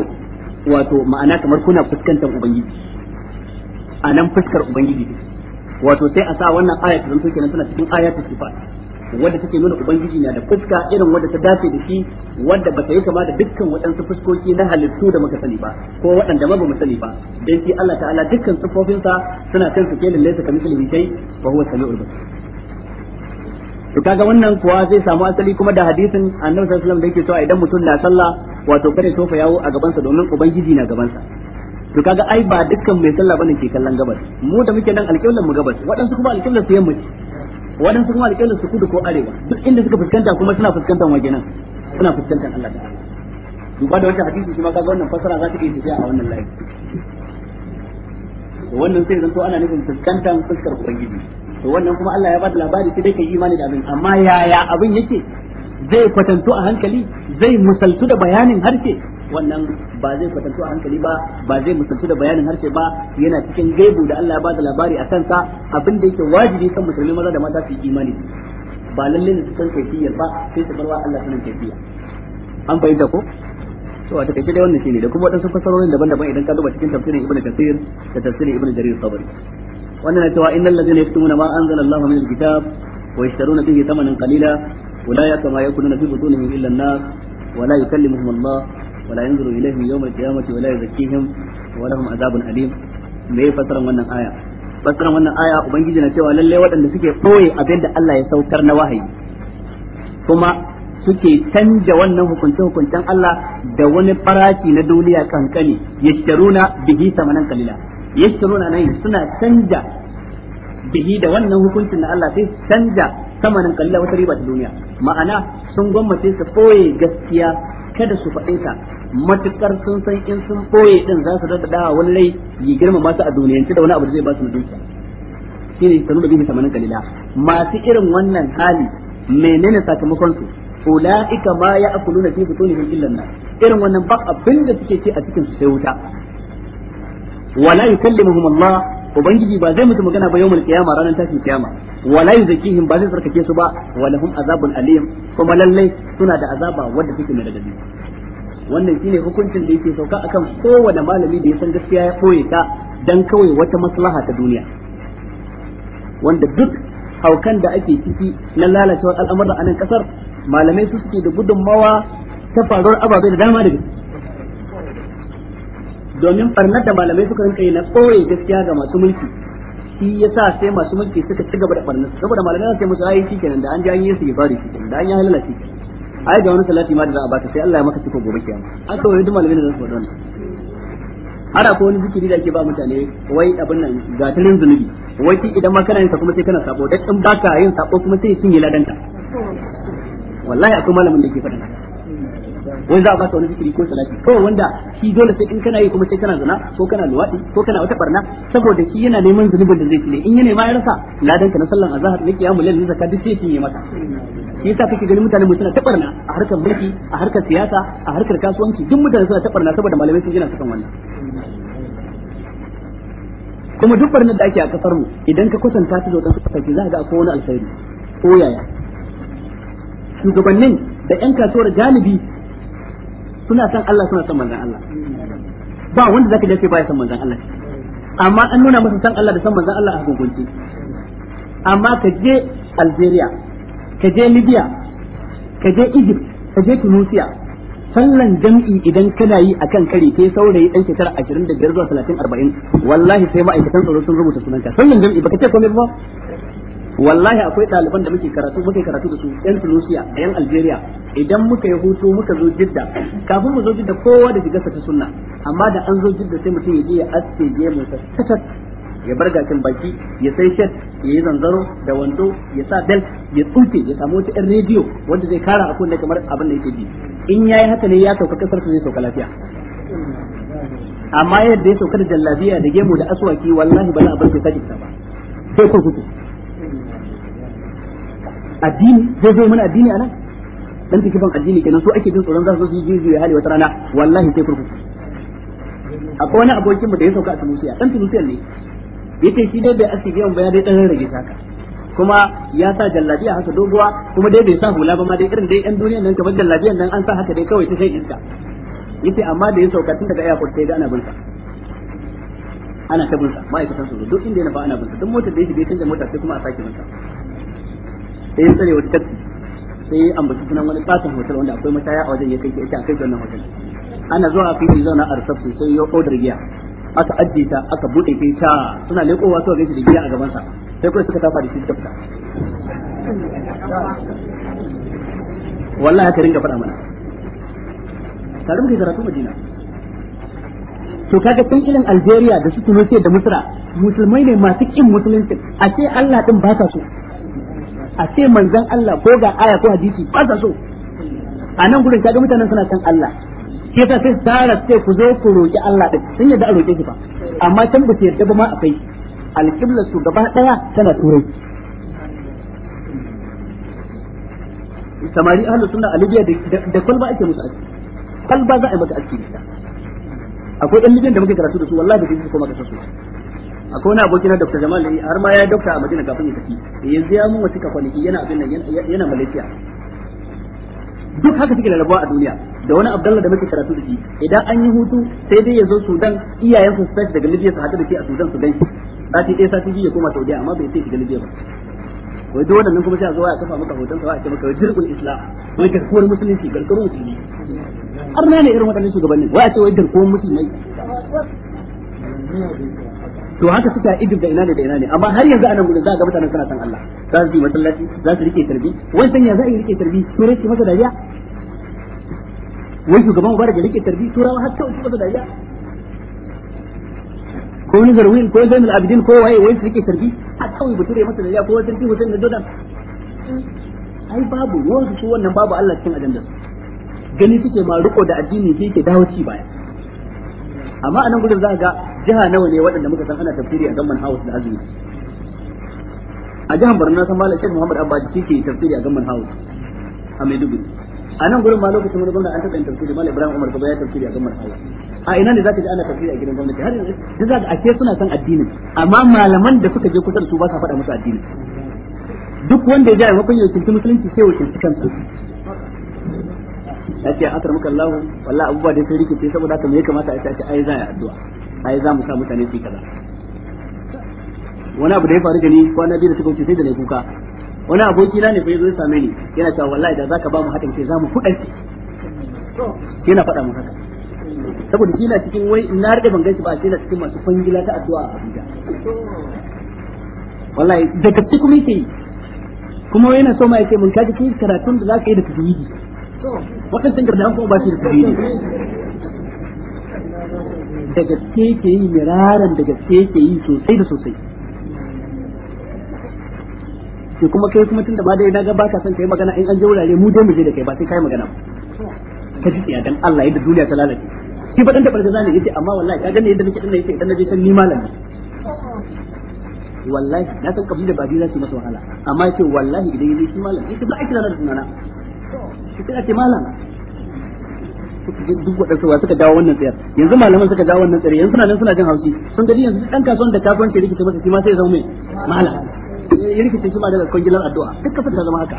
wato ma'ana kamar kuna fuskantar ubangiji a nan fuskar ubangiji wato sai a sa wannan ayatu zan to kenan tana cikin ayatu sifat wanda take nuna ubangiji na da fuska irin wanda ta dace da shi wanda ba ta yi kama da dukkan waɗansu fuskoki na halittu da muka sani ba ko waɗanda ma bamu sani ba dan shi Allah ta'ala dukkan sifofinsa suna kan su kelin laysa kamithlihi shay fa huwa samiul basir to kaga wannan kuwa zai samu asali kuma da hadisin Annabi sallallahu alaihi wasallam da yake cewa idan mutum na sallah wato kare tofa yawo a gaban sa domin ubangiji na gaban sa to kaga ai ba dukkan mai sallah bane ke kallon gabas mu da muke nan alƙiblar mu gabas waɗansu kuma alƙiblar su yammaci wadan su kuma alƙalin su kudu ko arewa duk inda suka fuskanta kuma suna fuskantar wajen nan suna fuskantar Allah ta'ala duba da wata hadisi shi ma kaga wannan fasara za ta iya tafiya a wannan layi to wannan sai zanto ana nufin fuskantar fuskar ubangiji to wannan kuma Allah ya bada labari sai dai kai imani da abin amma yaya abin yake zai kwatanto a hankali zai musaltu da bayanin harshe wannan ba zai kwatanto a hankali ba ba zai musantu da bayanin harshe ba yana cikin gaibu da Allah ya da labari a kansa abin da yake wajibi kan musulmi maza da mata su yi imani ba lalle ne su san kaifiyar ba sai su barwa Allah sunan kaifiya an fahimta ko to a takaice dai wannan shine da kuma wadansu fasarorin daban-daban idan ka duba cikin tafsirin Ibn Kathir da tafsirin Ibn Jarir Sabri wannan na cewa innal ladzina yaktumuna ma anzala Allahu min al-kitab wa yashtaruna bihi thamanan qalila أولئك ما يأكلون في بطونهم إلا النار ولا يكلمهم الله wala yanzuru ilaihim yawmal qiyamati wala yuzakkihim wa lahum azabun alim me ya fasaran wannan aya fasaran wannan aya ubangiji na cewa lallai waɗanda suke ɓoye abinda Allah ya saukar na wahayi kuma suke canja wannan hukunce hukuncen Allah da wani farashi na duniya kankani yashtaruna bihi samanan kalila yashtaruna nan suna canja bihi da wannan hukuncin da Allah sai canja samanin kalila wata riba ta duniya ma'ana sun gwammace su ɓoye gaskiya kada su faɗe matukar sun san in sun boye din za su da wani rai yi girma masu a duniyance da wani abu zai ba su na dukiya ne sanu da bihi samanin kalila masu irin wannan hali menene sakamakon su ulaika ma ya'kuluna fi butunihim illa illan nan irin wannan ba abinda da suke ci a cikin su sai wuta wala yukallimuhum Allah ubangiji ba zai mutu magana ba yawmul qiyama ranar tashin kiyama wala yuzakihim ba zai tsarkake su ba walahum azabun alim kuma lalle suna da azaba wanda take mai radadi wannan shine hukuncin da yake sauka akan kowane malami da ya san gaskiya ya koye ta dan kawai wata maslaha ta duniya wanda duk haukan da ake ciki na lalacewar al'amuran a nan kasar malamai su suke da gudunmawa ta faruwar ababai da dama gaske. domin farnar da malamai suka rinka yi na tsoye gaskiya ga masu mulki shi sa sai masu mulki suka ci gaba da farnar saboda malamai sai musu ayi shikenan da an ji an yi su ibari shikenan da an yi halala shikenan ai da wani salati ma da za a baka sai Allah ya maka ciko gobe kiyama an kawai duk malamai da su faɗa wannan har akwai wani zikiri da ake ba mutane wai abin nan gatarin zunubi wai shi idan ma kana yin sa kuma sai kana sabo dan in baka yin sabo kuma sai ya cinye ladanka wallahi akwai malamin da ke faɗa wai za a baka wani zikiri ko salati kawai wanda shi dole sai in kana yi kuma sai kana zina ko kana luwadi ko kana wata barna saboda shi yana neman zunubin da zai tile in yana ma ya rasa ladan ka na sallan azhar ne kiyamul lail ne zakat duk sai ya mata shi yasa kake ganin mutane suna ta barna a harkar mulki a harkar siyasa a harkar kasuwanci duk mutane suna ta barna saboda malamai sun gina su kan wannan kuma duk barnar da ake a kasar mu idan ka kwatanta ta zo kan sarki za ka ga akwai wani alfairi ko yaya shugabannin da yan kasuwar galibi suna san Allah suna san manzon Allah ba wanda zaka dace baya san manzon Allah amma an nuna masa san Allah da san manzon Allah a hukunci amma ka je Algeria ka je Libya ka je Egypt ka je Tunisia sallan jam'i idan kana yi akan kare kai saurayi dan shekara 25 zuwa 30 40 wallahi sai ma'aikatan tsaro sun rubuta sunanka sallan jam'i baka ce komai ba wallahi akwai ɗaliban da muke karatu muke karatu da su yan Tunisia a yan Algeria idan muka yi hutu muka zo Jidda kafin mu zo Jidda kowa da shiga ta sunna amma da an zo Jidda sai mutum ya je ya aske gemu sa tatat ya bar gashin baki ya sai shet ya yi zanzaro da wando ya sa belt ya tsufe ya samu wata 'yan rediyo wanda zai kara a kunne kamar abin da yake ji in yayi haka ne ya sauka kasar su zai sauka lafiya amma yadda ya sauka da jallabiya da gemu da aswaki wallahi ba za a bar shi sake ba sai kurkuku addini zai zo mana addini anan dan take ban addini kenan so ake jin tsoron za su yi jizu ya hali wata rana wallahi sai kurkuku akwai wani abokin mu da ya sauka a Tunisia dan Tunisia ne yake shi dai bai asibiyan ba ya dai dan rage taka kuma ya sa jallabiya haka doguwa kuma dai bai sa hula ba ma dai irin dai yan duniyan nan kamar jallabiyan nan an sa haka dai kawai ta sai iska yace amma da ya sauka tun daga airport sai ga ana bin sa ana ta bin sa ma'aikatan su duk inda yana ba ana bin sa duk motar da yake bai canza mota sai kuma a sake bin sa sai ya tsare wata taxi sai ya ambaci sunan wani katon hotel wanda akwai mashaya a wajen ya kai ita kai wannan hotel ana zuwa fi yi zauna a reception sai ya order giya aka ajiye ta aka bude kai ta suna lekowa suka gaishe da giya a gaban sa sai kawai suka tafa da shi tafta fita wallahi haka ringa faɗa mana tare muke karatu Madina to kaga tun irin Algeria da su Tunisia da Misra musulmai ne masu kin musulunci a ce Allah din ba ta so a ce manzan Allah ko ga aya ko hadisi ba sa so a nan gurin kaga mutanen suna san Allah shi ta sai tsara sai ku zo ku roki Allah din sun yadda a roke shi ba amma can ba su yadda ba ma kai alƙibla su gaba daya tana turai samari ahlu sunna alibiya da kwalba ake musu aski kwalba za a yi maka aski da akwai ɗan nijin da muke karatu da su wallahi da kuma ka su akwai wani abokin abokina Dr. Jamal da eh, har ma ya yi dokta a Madina kafin ya tafi eh, yanzu ya mun wasu kafaniki yana abin nan yana Malaysia duk haka suke larabawa a duniya da wani abdallah da muke karatu da shi idan an yi hutu sai dai ya zo Sudan iyayen su sai daga Libya su haɗu da shi a Sudan su ganshi sati ɗaya sati biyu ya koma saudiya amma bai sai shiga Libya ba wai duk wannan kuma sai a zo a kafa maka hoton sa a ce maka jirgin Islam wai garkuwar musulunci garkuwar musulmi har ne irin waɗannan shugabannin wai a ce wai garkuwar musulmai to haka suka Egypt da ina ne da ina ne amma har yanzu anan gurin za ga mutanen suna san Allah za su yi masallaci za su rike tarbi wani sanya za a yi rike tarbi turai su masa dariya wai shugaban mubarak ya rike tarbi turawa har kawai su masa dariya ko wani zarwin ko zainul abidin ko waye wai su rike tarbi har kawai bature masa dariya ko sarki Hussein na Jordan ai babu ruwan su wannan babu Allah cikin ajandar gani suke ma riko da addini sai ke dawo ci baya amma anan gurin za ga jiha nawa ne waɗanda muka san ana tafsiri a gamman house da azumi a jihar barna san malam Sheikh Muhammad Abba shi ke tafsiri a gamman house a Maiduguri a nan gurin ma lokacin wani gwamnati an taɓa yin tafsiri malam Ibrahim Umar Kaba ya tafsiri a gamman house a ina ne zaka ji ana tafsiri a gidan gwamnati har yanzu zaka a ake suna san addinin amma malaman da suka je kusa da su ba sa faɗa musu addinin duk wanda ya ji a maimakon ya musulunci sai wakilci kansa ya ce a akar muka Allah wallah abubuwa da sun rikice saboda haka me ya kamata a ce ai za a addu'a ai za mu sa mutane su kaza wani abu da ya faru da ni kwana biyu da suka wuce sai da na kuka wani aboki na ne fa yazo ya same ni yana cewa wallahi da zaka ba mu haɗin kai za mu ki yana faɗa mu haka saboda shi na cikin wai na rike ban ganshi ba sai na cikin masu fangila ta addu'a a Abuja wallahi da kafti kuma yake kuma wai yana so ma yake mun kaji kai karatun da zaka yi da tajwidi da an kuma ba shi da tafiyi da gaske ke yi miraran da gaske ke yi sosai da sosai ke kuma kai kuma tun tunda ma dai na ba ka son kai magana in an je wurare mu dai mu je da kai ba sai kai magana ka ji tsiya dan Allah yadda duniya ta lalace shi ba dan da barkaza ne yace amma wallahi ka gane yadda nake dinnan yace idan na je san ni malami wallahi na san kabila ba dai za su masa wahala amma yace wallahi idan yaje shi malami yace ba a kira na da tunana shi ta ce malam duk waɗansu wa suka dawo wannan tsayar yanzu malaman suka dawo wannan tsayar yanzu suna nan suna jin haushi sun gani yanzu dan kasuwan da kasuwanci rikice masa shi ma sai ya zama mai mala eh, ya rikice shi ma daga kwangilar addu'a duk kafin ta zama haka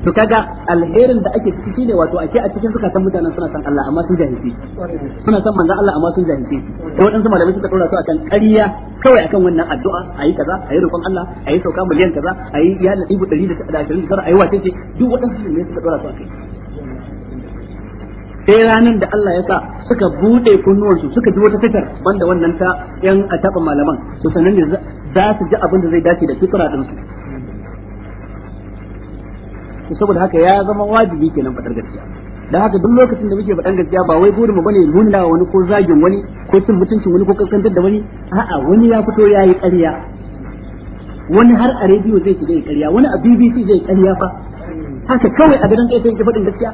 to kaga alherin da ake ciki shine wato ake a cikin suka san mutanen suna san Allah amma sun jahilci suna san manzon Allah amma sun jahilci sai wadansu malamai suka dora su akan ƙarya kawai akan wannan addu'a ayi kaza ayi roƙon Allah ayi sauka miliyan kaza ayi ya 120 ibu 129 ayi wace ce duk wadansu ne suka dora su akai sai ranar da Allah ya sa suka bude kunnuwansu suka ji wata fitar banda wannan ta yan a malaman to sanan ne za su ji abin da zai dace da fitra din su to saboda haka ya zama wajibi kenan fadar gaskiya dan haka duk lokacin da muke fadan gaskiya ba wai burin mu bane nuna wani ko zagin wani ko cin mutuncin wani ko kankantar da wani a'a wani ya fito yayi ƙarya wani har a rediyo zai shiga ya ƙarya wani a BBC zai ƙarya fa haka kawai a gidan kai sai ki faɗin gaskiya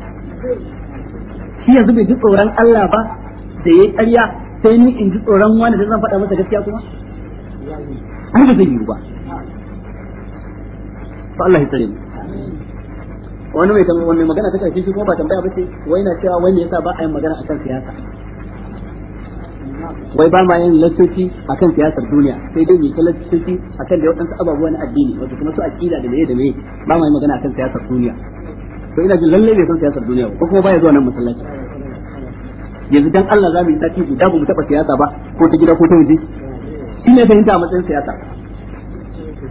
shi yanzu bai ji tsoron Allah ba da yayi ƙarya sai ni in ji tsoron wani da zan faɗa masa gaskiya kuma an ba zai yi ba fa Allah ya tsare mu wani mai tambaya wani magana ta karshe shi kuma ba tambaya ba ce wai na cewa wai me yasa ba a yin magana akan siyasa wai ba ma yin a akan siyasar duniya sai dai mai yi a akan da waɗansu ababuwa na addini wato kuma su aqida da meye da meye ba ma yin magana akan siyasar duniya to ina jin lalle bai san siyasar duniya ba kuma baya zuwa nan masallaci yanzu dan Allah za mu yi taki guda ba mu taba siyasa ba ko ta gida ko ta waje shi ne fahimta a matsayin siyasa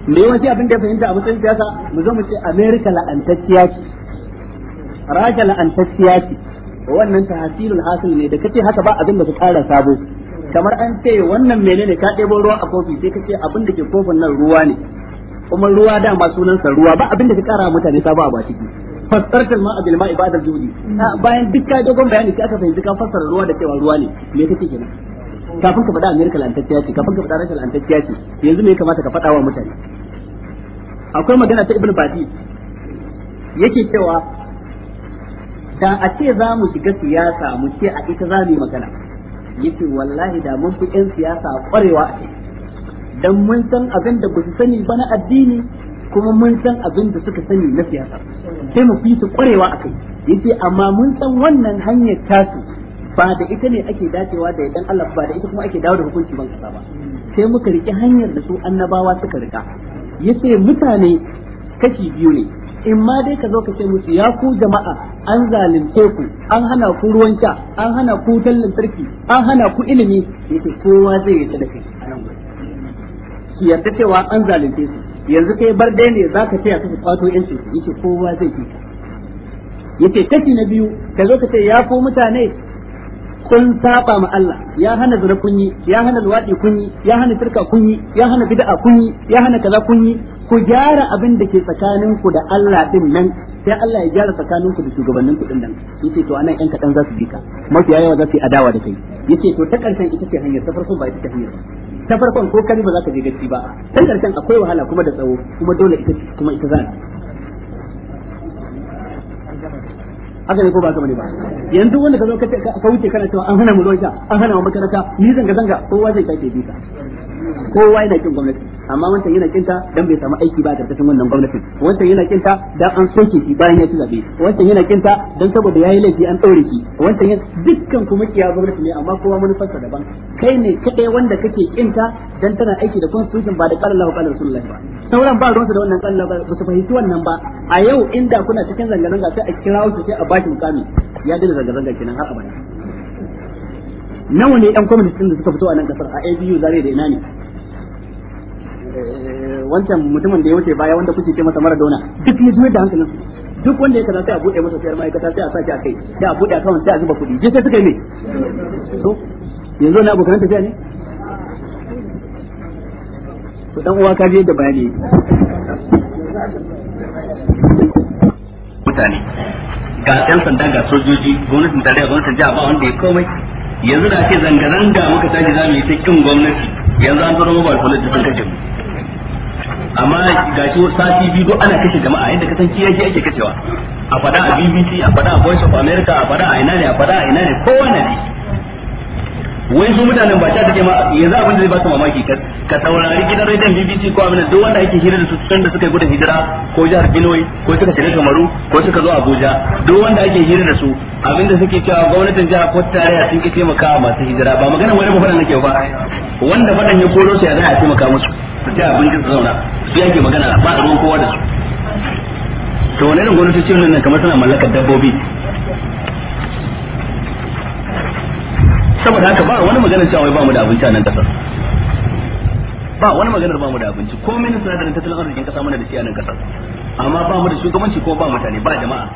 me shi abin da ya fahimta a matsayin siyasa mu zo mu ce America la'antacciya ce Rasha la'antacciya ce wannan tahsilul hasil ne da kace haka ba abin da ka ƙara sabo kamar an ce wannan menene ka ɗebo ruwa a kofi sai kace abin da ke kofin nan ruwa ne kuma ruwa dama sa ruwa ba abin da ka kara mutane sabo a ba ciki fassartar ma abil ma ibadar al ah, bayan duk ka dogon bayani sai aka fahimci ka fassara ruwa da cewa ruwa ne me kake kenan kafin ka faɗa Amerika lantacciya ce kafin ka faɗa rashin lantacciya ce yanzu me ya kamata ka faɗa wa mutane akwai magana ta ibnu badi yake cewa da a ce za mu shiga siyasa mu ce a ita za mu yi magana yace wallahi da mun fi yan siyasa kwarewa a kai dan mun san abin da sani ba na addini kuma mun san abin da suka sani na siyasa sai mu fi su kwarewa akai yace amma mun san wannan hanyar tasu ba da ita ne ake dacewa da idan Allah ba da ita kuma ake dawo da hukunci ban kasa ba sai muka rike hanyar da su annabawa suka rika yace mutane kashi biyu ne in ma dai ka zo ka ce musu ya ku jama'a an zalunce ku an hana ku ruwan sha an hana ku tallan lantarki an hana ku ilimi yace kowa zai yi da kai a nan gurin shi yarda cewa an zalunce su yanzu kai bar dai ne zaka taya su kwato yancin su yace kowa zai ka yace kashi na biyu ka zo ka ce ya ko mutane kun saba ma Allah ya hana zura kunyi ya hana luwadi kunyi ya hana shirka kunyi ya hana bid'a kunyi ya hana kaza kunyi ku gyara abin da ke tsakanin ku da Allah din nan sai Allah ya gyara tsakanin ku da shugabannin ku din nan yace to anan yan kadan za su bi ka mafi yawa za su yi adawa da kai yace to ta karshen ita ce hanyar ta farko ba ita ce hanyar ba ta farkon ko kani ba za ka je gaci ba ta karshen akwai wahala kuma da tsawo kuma dole ita kuma ita za haka ne ko ba gaba ne ba yanzu wanda ka zo ka wuce kana cewa an hana mu ruwan an hana mu makaranta ni zanga zanga kowa zai sake bi ka kowa yana kin gwamnati amma wancan yana kinta dan bai samu aiki ba a karkashin wannan gwamnatin wancan yana kinta dan an soke shi bayan ya ci zabe wancan yana kinta dan saboda yayi laifi an daure shi wancan yana dukkan kuma kiya gwamnati ne amma kowa manufarsa daban kai ne kadai wanda kake kinta dan tana aiki da constitution ba da qala Allahu qala Rasulullahi ba sauran ba ruwansa da wannan qala ba su fahimci wannan ba a yau inda kuna cikin zanga-zanga sai a kira su sai a baki mukami ya dinga zanga-zanga kenan har abada nawa ne yan kwamitin da suka fito a nan kasar a ABU zare da ina ne Eh, wancan mutumin da ya wuce baya wanda kuke ce masa dauna duk ya juya da hankalin duk wanda ya kaza sai a bude masa sayar ma'aikata sai a sake a kai sai a bude akawun sai a zuba kuɗi je sai suka yi ne to yanzu na abokan tafiya ne to dan uwa ka je da bayani mutane ga ɗan sanda ga sojoji gwamnatin tarayya gwamnatin jiha ba wanda ya komai yanzu da ake zanga-zanga muka tashi za mu yi ta kin gwamnati yanzu an zama mobile politics sun kashe mu amma ga shi sati biyu ana kashe jama'a yadda ka san kiyaye ake kashewa a fada a BBC a fada a Voice of America a fada a ina ne a fada a ina ne kowane ne wai su mutanen ba ta take ma yanzu abin da zai ba su mamaki ka saurari gidan rediyon BBC ko amina duk wanda ake hira da su tun da suka yi gudun hijira ko jihar Benue ko suka shiga Kamaru ko suka zo Abuja duk wanda ake hira da su abin da suke cewa gwamnatin jihar ko tarayya sun ki taimaka masu hijira ba magana wani ba faɗa nake ba wanda fadan ya koro su ya zai a taimaka musu su ci abin su zauna su yake magana ba da ruwan kowa da su to wani irin gwamnati ce nan kamar suna mallakar dabbobi saboda haka ba wani maganar cewa ba mu da abinci a nan kasar ba wani maganar ba mu da abinci ko min sinadarin tattalin arzikin kasa mana da shi a nan kasar amma ba mu da shugabanci ko ba mutane ba jama'a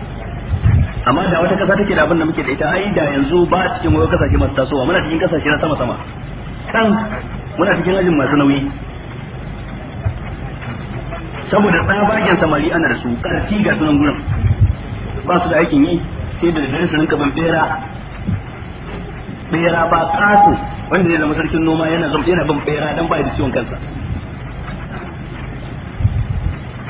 amma da wata kasa take da abin da muke da ita ai da yanzu ba cikin wayo kasashe masu tasowa muna cikin kasashe na sama sama can muna cikin ajin masu nauyi saboda bakin samari ana da su karfi ga sunan gurin ba su da aikin yi sai da dare su rinka ban bera bera ba kasu wanda ne da masarkin noma yana zama yana ban bera dan ba da ciwon kansa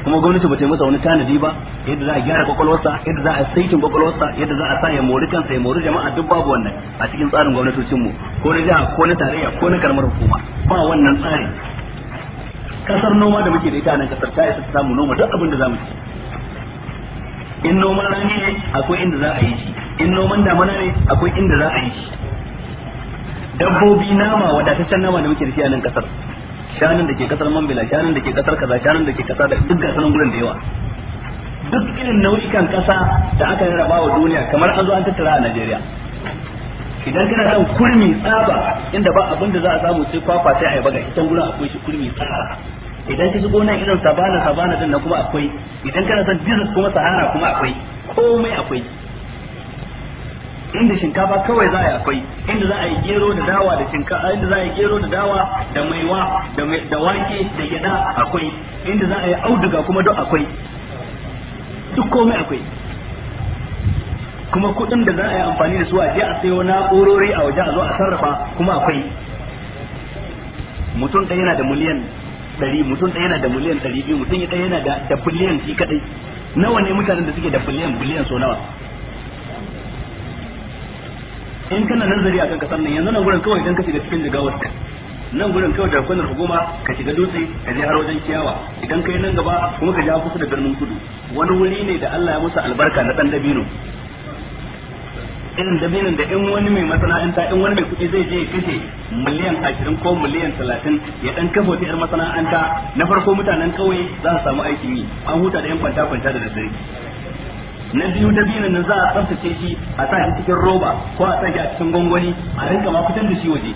kuma gwamnati ba ta yi masa wani tanadi ba yadda za a gyara kwakwalwarsa yadda za a saitin kwakwalwarsa yadda za a sa ya mori kansa ya mori jama'a duk babu wannan a cikin tsarin gwamnatocin mu ko na jiha ko na tarayya ko na karamar hukuma ba wannan tsari kasar noma da muke da ita nan kasar ta isa ta samu noma duk abin da za mu ci in noman rani ne akwai inda za a yi shi in noman damana ne akwai inda za a yi shi dabbobi nama wadataccen nama da muke da shi a nan kasar shanun da ke kasar mambila shanun da ke kasar kaza shanun da ke kasa da duk gasar gurin da yawa duk irin nau'ikan kasa da aka rarraba wa duniya kamar an zo an tattara a Najeriya idan kana son kurmi tsaba inda ba abin da za a samu sai kwakwa sai ayaba ga baga gurin akwai shi kurmi tsaba idan ka shigo nan irin sabana sabana din na kuma akwai idan kana son Jesus kuma sahara kuma akwai komai akwai inda shinkafa kawai za a yi akwai inda za a yi gero da dawa da shinkafa inda za a yi gero da dawa da maiwa da wake da gyada akwai inda za a yi auduga kuma duk akwai duk komai akwai kuma kudin da za a yi amfani da su a je a sayo na'urori a waje a zo a sarrafa kuma akwai mutum ɗaya yana da miliyan ɗari mutum ɗaya yana da miliyan ɗari biyu mutum ɗaya yana da biliyan shi kaɗai nawa ne mutanen da suke da biliyan biliyan so nawa in kana nazari akan kasar nan yanzu nan gurin kawai idan ka shiga cikin jigawar ka nan gurin kawai da kwanar hukuma ka shiga dutse ka je har wajen ciyawa idan kai nan gaba kuma ka ja kusa da birnin kudu wani wuri ne da Allah ya musa albarka na dan dabino irin dabinin da in wani mai masana'anta in wani mai kuɗi zai je kashe miliyan ashirin ko miliyan talatin ya dan kafa wata 'yar masana'anta na farko mutanen kawai za su samu aikin yi an huta da yan kwanta kwanta da daddare na biyu dabinan nan za a tsaftace shi a sa shi cikin roba ko a sa shi a cikin gwangwani a rinka ma fitar da shi waje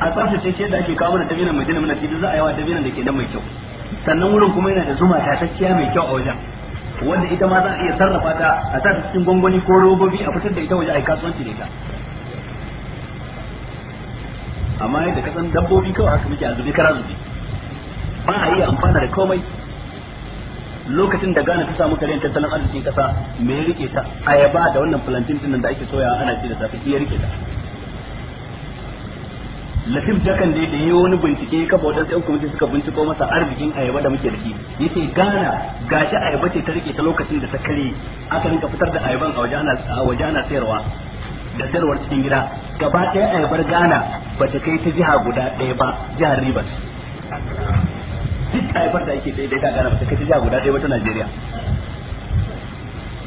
a tsaftace shi yadda ake kawo mana dabinan mai dina mana shi za a yi wa dabinan da ke nan mai kyau sannan wurin kuma yana da zuma tatacciya mai kyau a wajen wanda ita ma za a iya sarrafa ta a sa ta cikin gwangwani ko robobi a fitar da ita waje a yi kasuwanci da ita amma yadda kasan dabbobi kawai haka muke a zube kara zube ba a yi amfana da komai lokacin da Ghana ta samu karyan tattalin arzikin kasa me ya rike ta ayaba da wannan plantain din da ake soyawa ana ci da safe ya rike ta Latif Jakan da yi wani bincike kafa wadansu yan kwamiti suka binciko masa arzikin ayaba da muke da shi yace Ghana gashi ayaba ce ta rike ta lokacin da ta kare aka rinka fitar da ayaban a waje ana a waje sayarwa da sayarwar cikin gida gaba ɗaya ayabar gana bata kai ta jiha guda ɗaya ba jihar Rivers haifar da ake daidai da ita gara ba ta jiha guda ɗaya ba Najeriya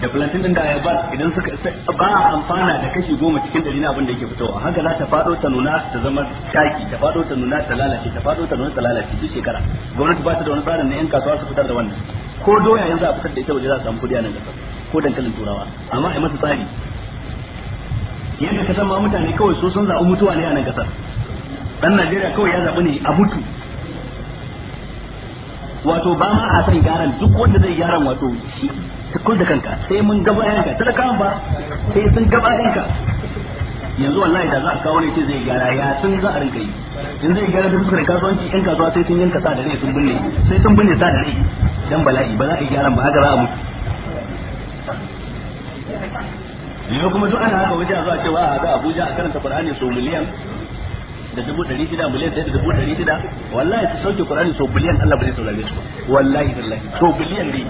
da plantain ɗin da ayabar idan suka ba a amfana da kashi goma cikin ɗari na abin da yake fitowa haka za ta faɗo ta nuna ta zama shaki ta faɗo ta nuna ta lalace ta faɗo ta nuna ta lalace duk shekara gwamnati ba ta da wani tsarin na yan kasuwa su fitar da wannan ko doya yanzu a fitar da ita waje za su samu kuɗi a nan gaba ko dankalin turawa amma a yi masa tsari yadda ka san ma mutane kawai su sun zaɓi mutuwa ne a nan ƙasar ɗan Najeriya kawai ya zaɓi ne a mutu wato ba ma a san gyaran duk wanda zai gyaran wato shi kul da kanka sai mun gaba yanka kama ba sai sun gaba yanka yanzu wallahi da za a kawo ne ce zai gyara ya sun za a rinka yi in zai gyara da fuskar kasuwanci yan kasuwa sai sun yanka sa da rai sun binne sai sun binne sa da rai dan bala'i ba za a yi gyaran ba haka za a mutu Yau kuma duk ana haka wajen zuwa cewa a Abuja a karanta Qur'ani so miliyan da dubu ɗari shida miliyan ɗaya da dubu ɗari shida wallahi su sauke Qur'ani so biliyan Allah ba zai saurare su wallahi billahi so biliyan ne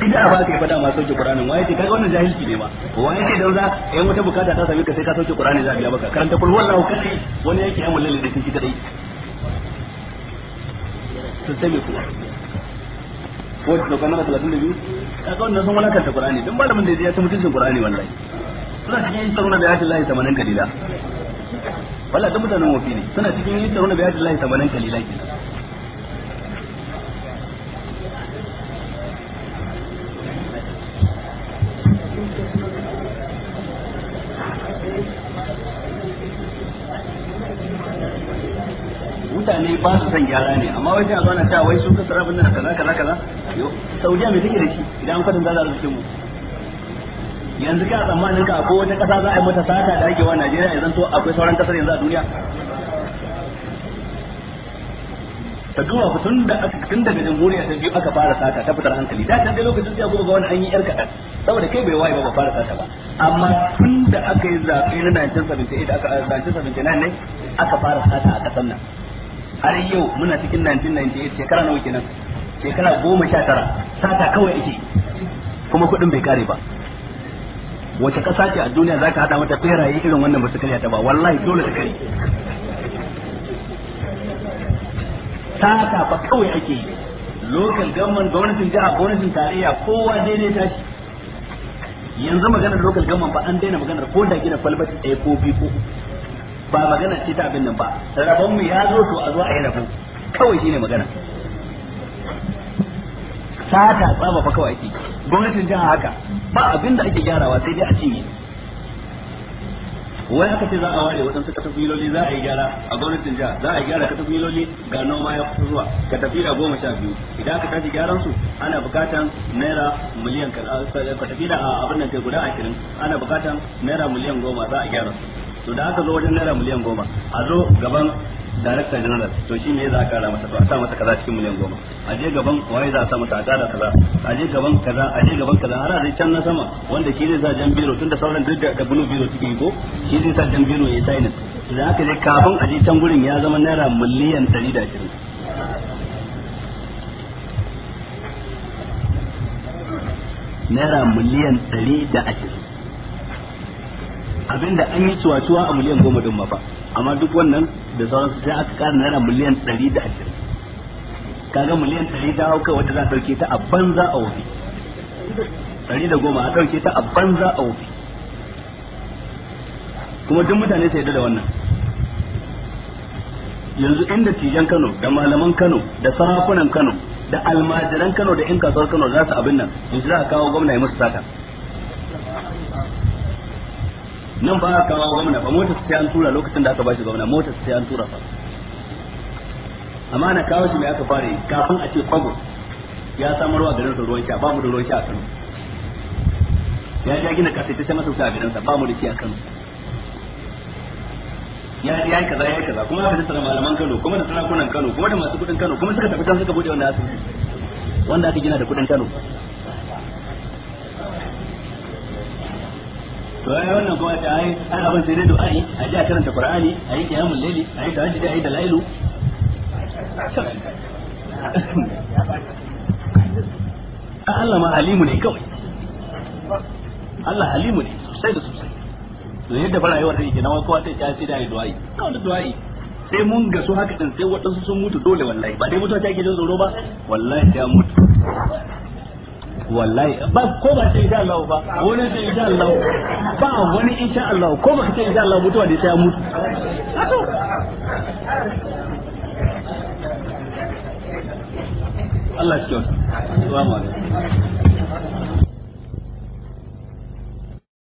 bid'a ba ka fada ma sauke Qur'ani waye ce kaga wannan jahilci ne ma waye ce dan za ai wata bukata ta sami ka sai ka sauke Qur'ani za a biya baka karanta kul wallahu kadai wani yake ya lalle da shi kadai to sai me kuma ko da kana 32 kaga wannan sun walakanta Qur'ani dan malamin da ya ta mutuncin Qur'ani wallahi ya cikin sauna da yashin lahi 80 kalila wala da mutanen wofi ne suna cikin tsaro na hajji lahi tamanin kalila ke mutane ba su son gyara ne amma wai sai a zo na cewa wai su kasar abin nan kaza kaza kaza Saudiya mai take da shi idan an kwadin zaza da cikin mu yanzu ka tsammanin ka ko wata kasa za a yi mata sata da ake wa Najeriya yanzu to akwai sauran kasar yanzu a duniya ta duwa ku tun da aka tun daga jamhuriya ta biyu aka fara sata ta fitar hankali da kan dai lokacin sai ko ga wani an yi yar kadan saboda kai bai waye ba ba fara sata ba amma tun da aka yi zabe na 1978 aka 1979 ne aka fara sata a kasar nan har yau muna cikin 1998 shekara nawa kenan shekara goma sha tara sata kawai ake kuma kuɗin bai kare ba wace kasa ce a duniya zaka hada mata feraye irin wannan ba su karya ta ba wallahi dole ta kare sata fa kawai ake yi lokal gamman gwamnatin jiha gwamnatin tarayya kowa daidai tashi yanzu maganar lokal gamman ba an daina maganar ko da gina kwalbati ɗaya ko biyu ko ba magana ce ta abin nan ba rabonmu ya zo to a zo a yi rabon kawai shine magana sata tsaba fa kawai ake gwamnatin jiha haka ba abin da ake gyarawa sai dai a cinye wai aka ce za a ware waɗansu katafiloli za a yi gyara a gwamnatin jiha za a yi gyara katafiloli ga noma ya kusa zuwa katafila goma sha biyu idan aka tashi gyaran su ana bukatan naira miliyan eh, katafila a abin nan kai guda ashirin ana bukatan naira miliyan goma za a gyara su to da aka zo wajen naira miliyan goma a zo gaban director general to shi ne za a kara masa to a sa masa kaza cikin miliyan goma a je gaban waye za a sa masa a kara kaza a je gaban kaza a je gaban kaza har a je can na sama wanda shi zai sa jan biro tun da sauran duk da bulu biro cikin ko shi zai sa jan biro ya sai idan aka je kafin a je can gurin ya zama naira miliyan 120 naira miliyan 120 da abinda an yi cuwa-cuwa a miliyan goma din fa amma duk wannan da sauransu sai aka kara naira miliyan ɗari da ashirin kaga miliyan ɗari da hauka kai wata za a ɗauke ta a banza a wofi ɗari da goma a ɗauke ta a banza a wofi kuma duk mutane sai da wannan yanzu inda tijan kano da malaman kano da sarakunan kano da almajiran kano da yan kasuwar kano za su abin nan yanzu za a kawo gwamna ya musu sata nan ba a kawo gwamna ba motar sai an tura lokacin da aka bashi gwamna motar sai an tura fa amma na kawo shi mai aka fara kafin a ce kwago ya samarwa garin ruwan sha ba mu da ruwan sha a Kano ya ji gina kasa ta masa wuta a sa ba mu da shi a Kano ya ya kaza ya kaza kuma aka tsara malaman Kano kuma da sarakunan Kano kuma da masu kudin Kano kuma suka tafi can suka bude wannan asibiti wanda aka gina da kudin Kano to wannan kuma ta ai ai abin sai dai du'a'i a ji a karanta qur'ani a yi qiyamul layli a yi tahajjud a yi dalailu a Allah ma Alimu ne kawai Allah Alimu ne sosai da sosai to yadda fara yawan rike na kowa sai ta sai da yi du'a'i kawai da du'a'i sai mun gasu haka din sai waɗansu sun mutu dole wallahi ba dai mutuwa ta ke jin tsoro ba wallahi ta mutu wallahi ba ko ba sai insha Allah ba wani sai insha Allah ba wani insha Allah ko ba sai insha Allah mutuwa da sai ya mutu Allah shi kyauta. Assalamu alaikum.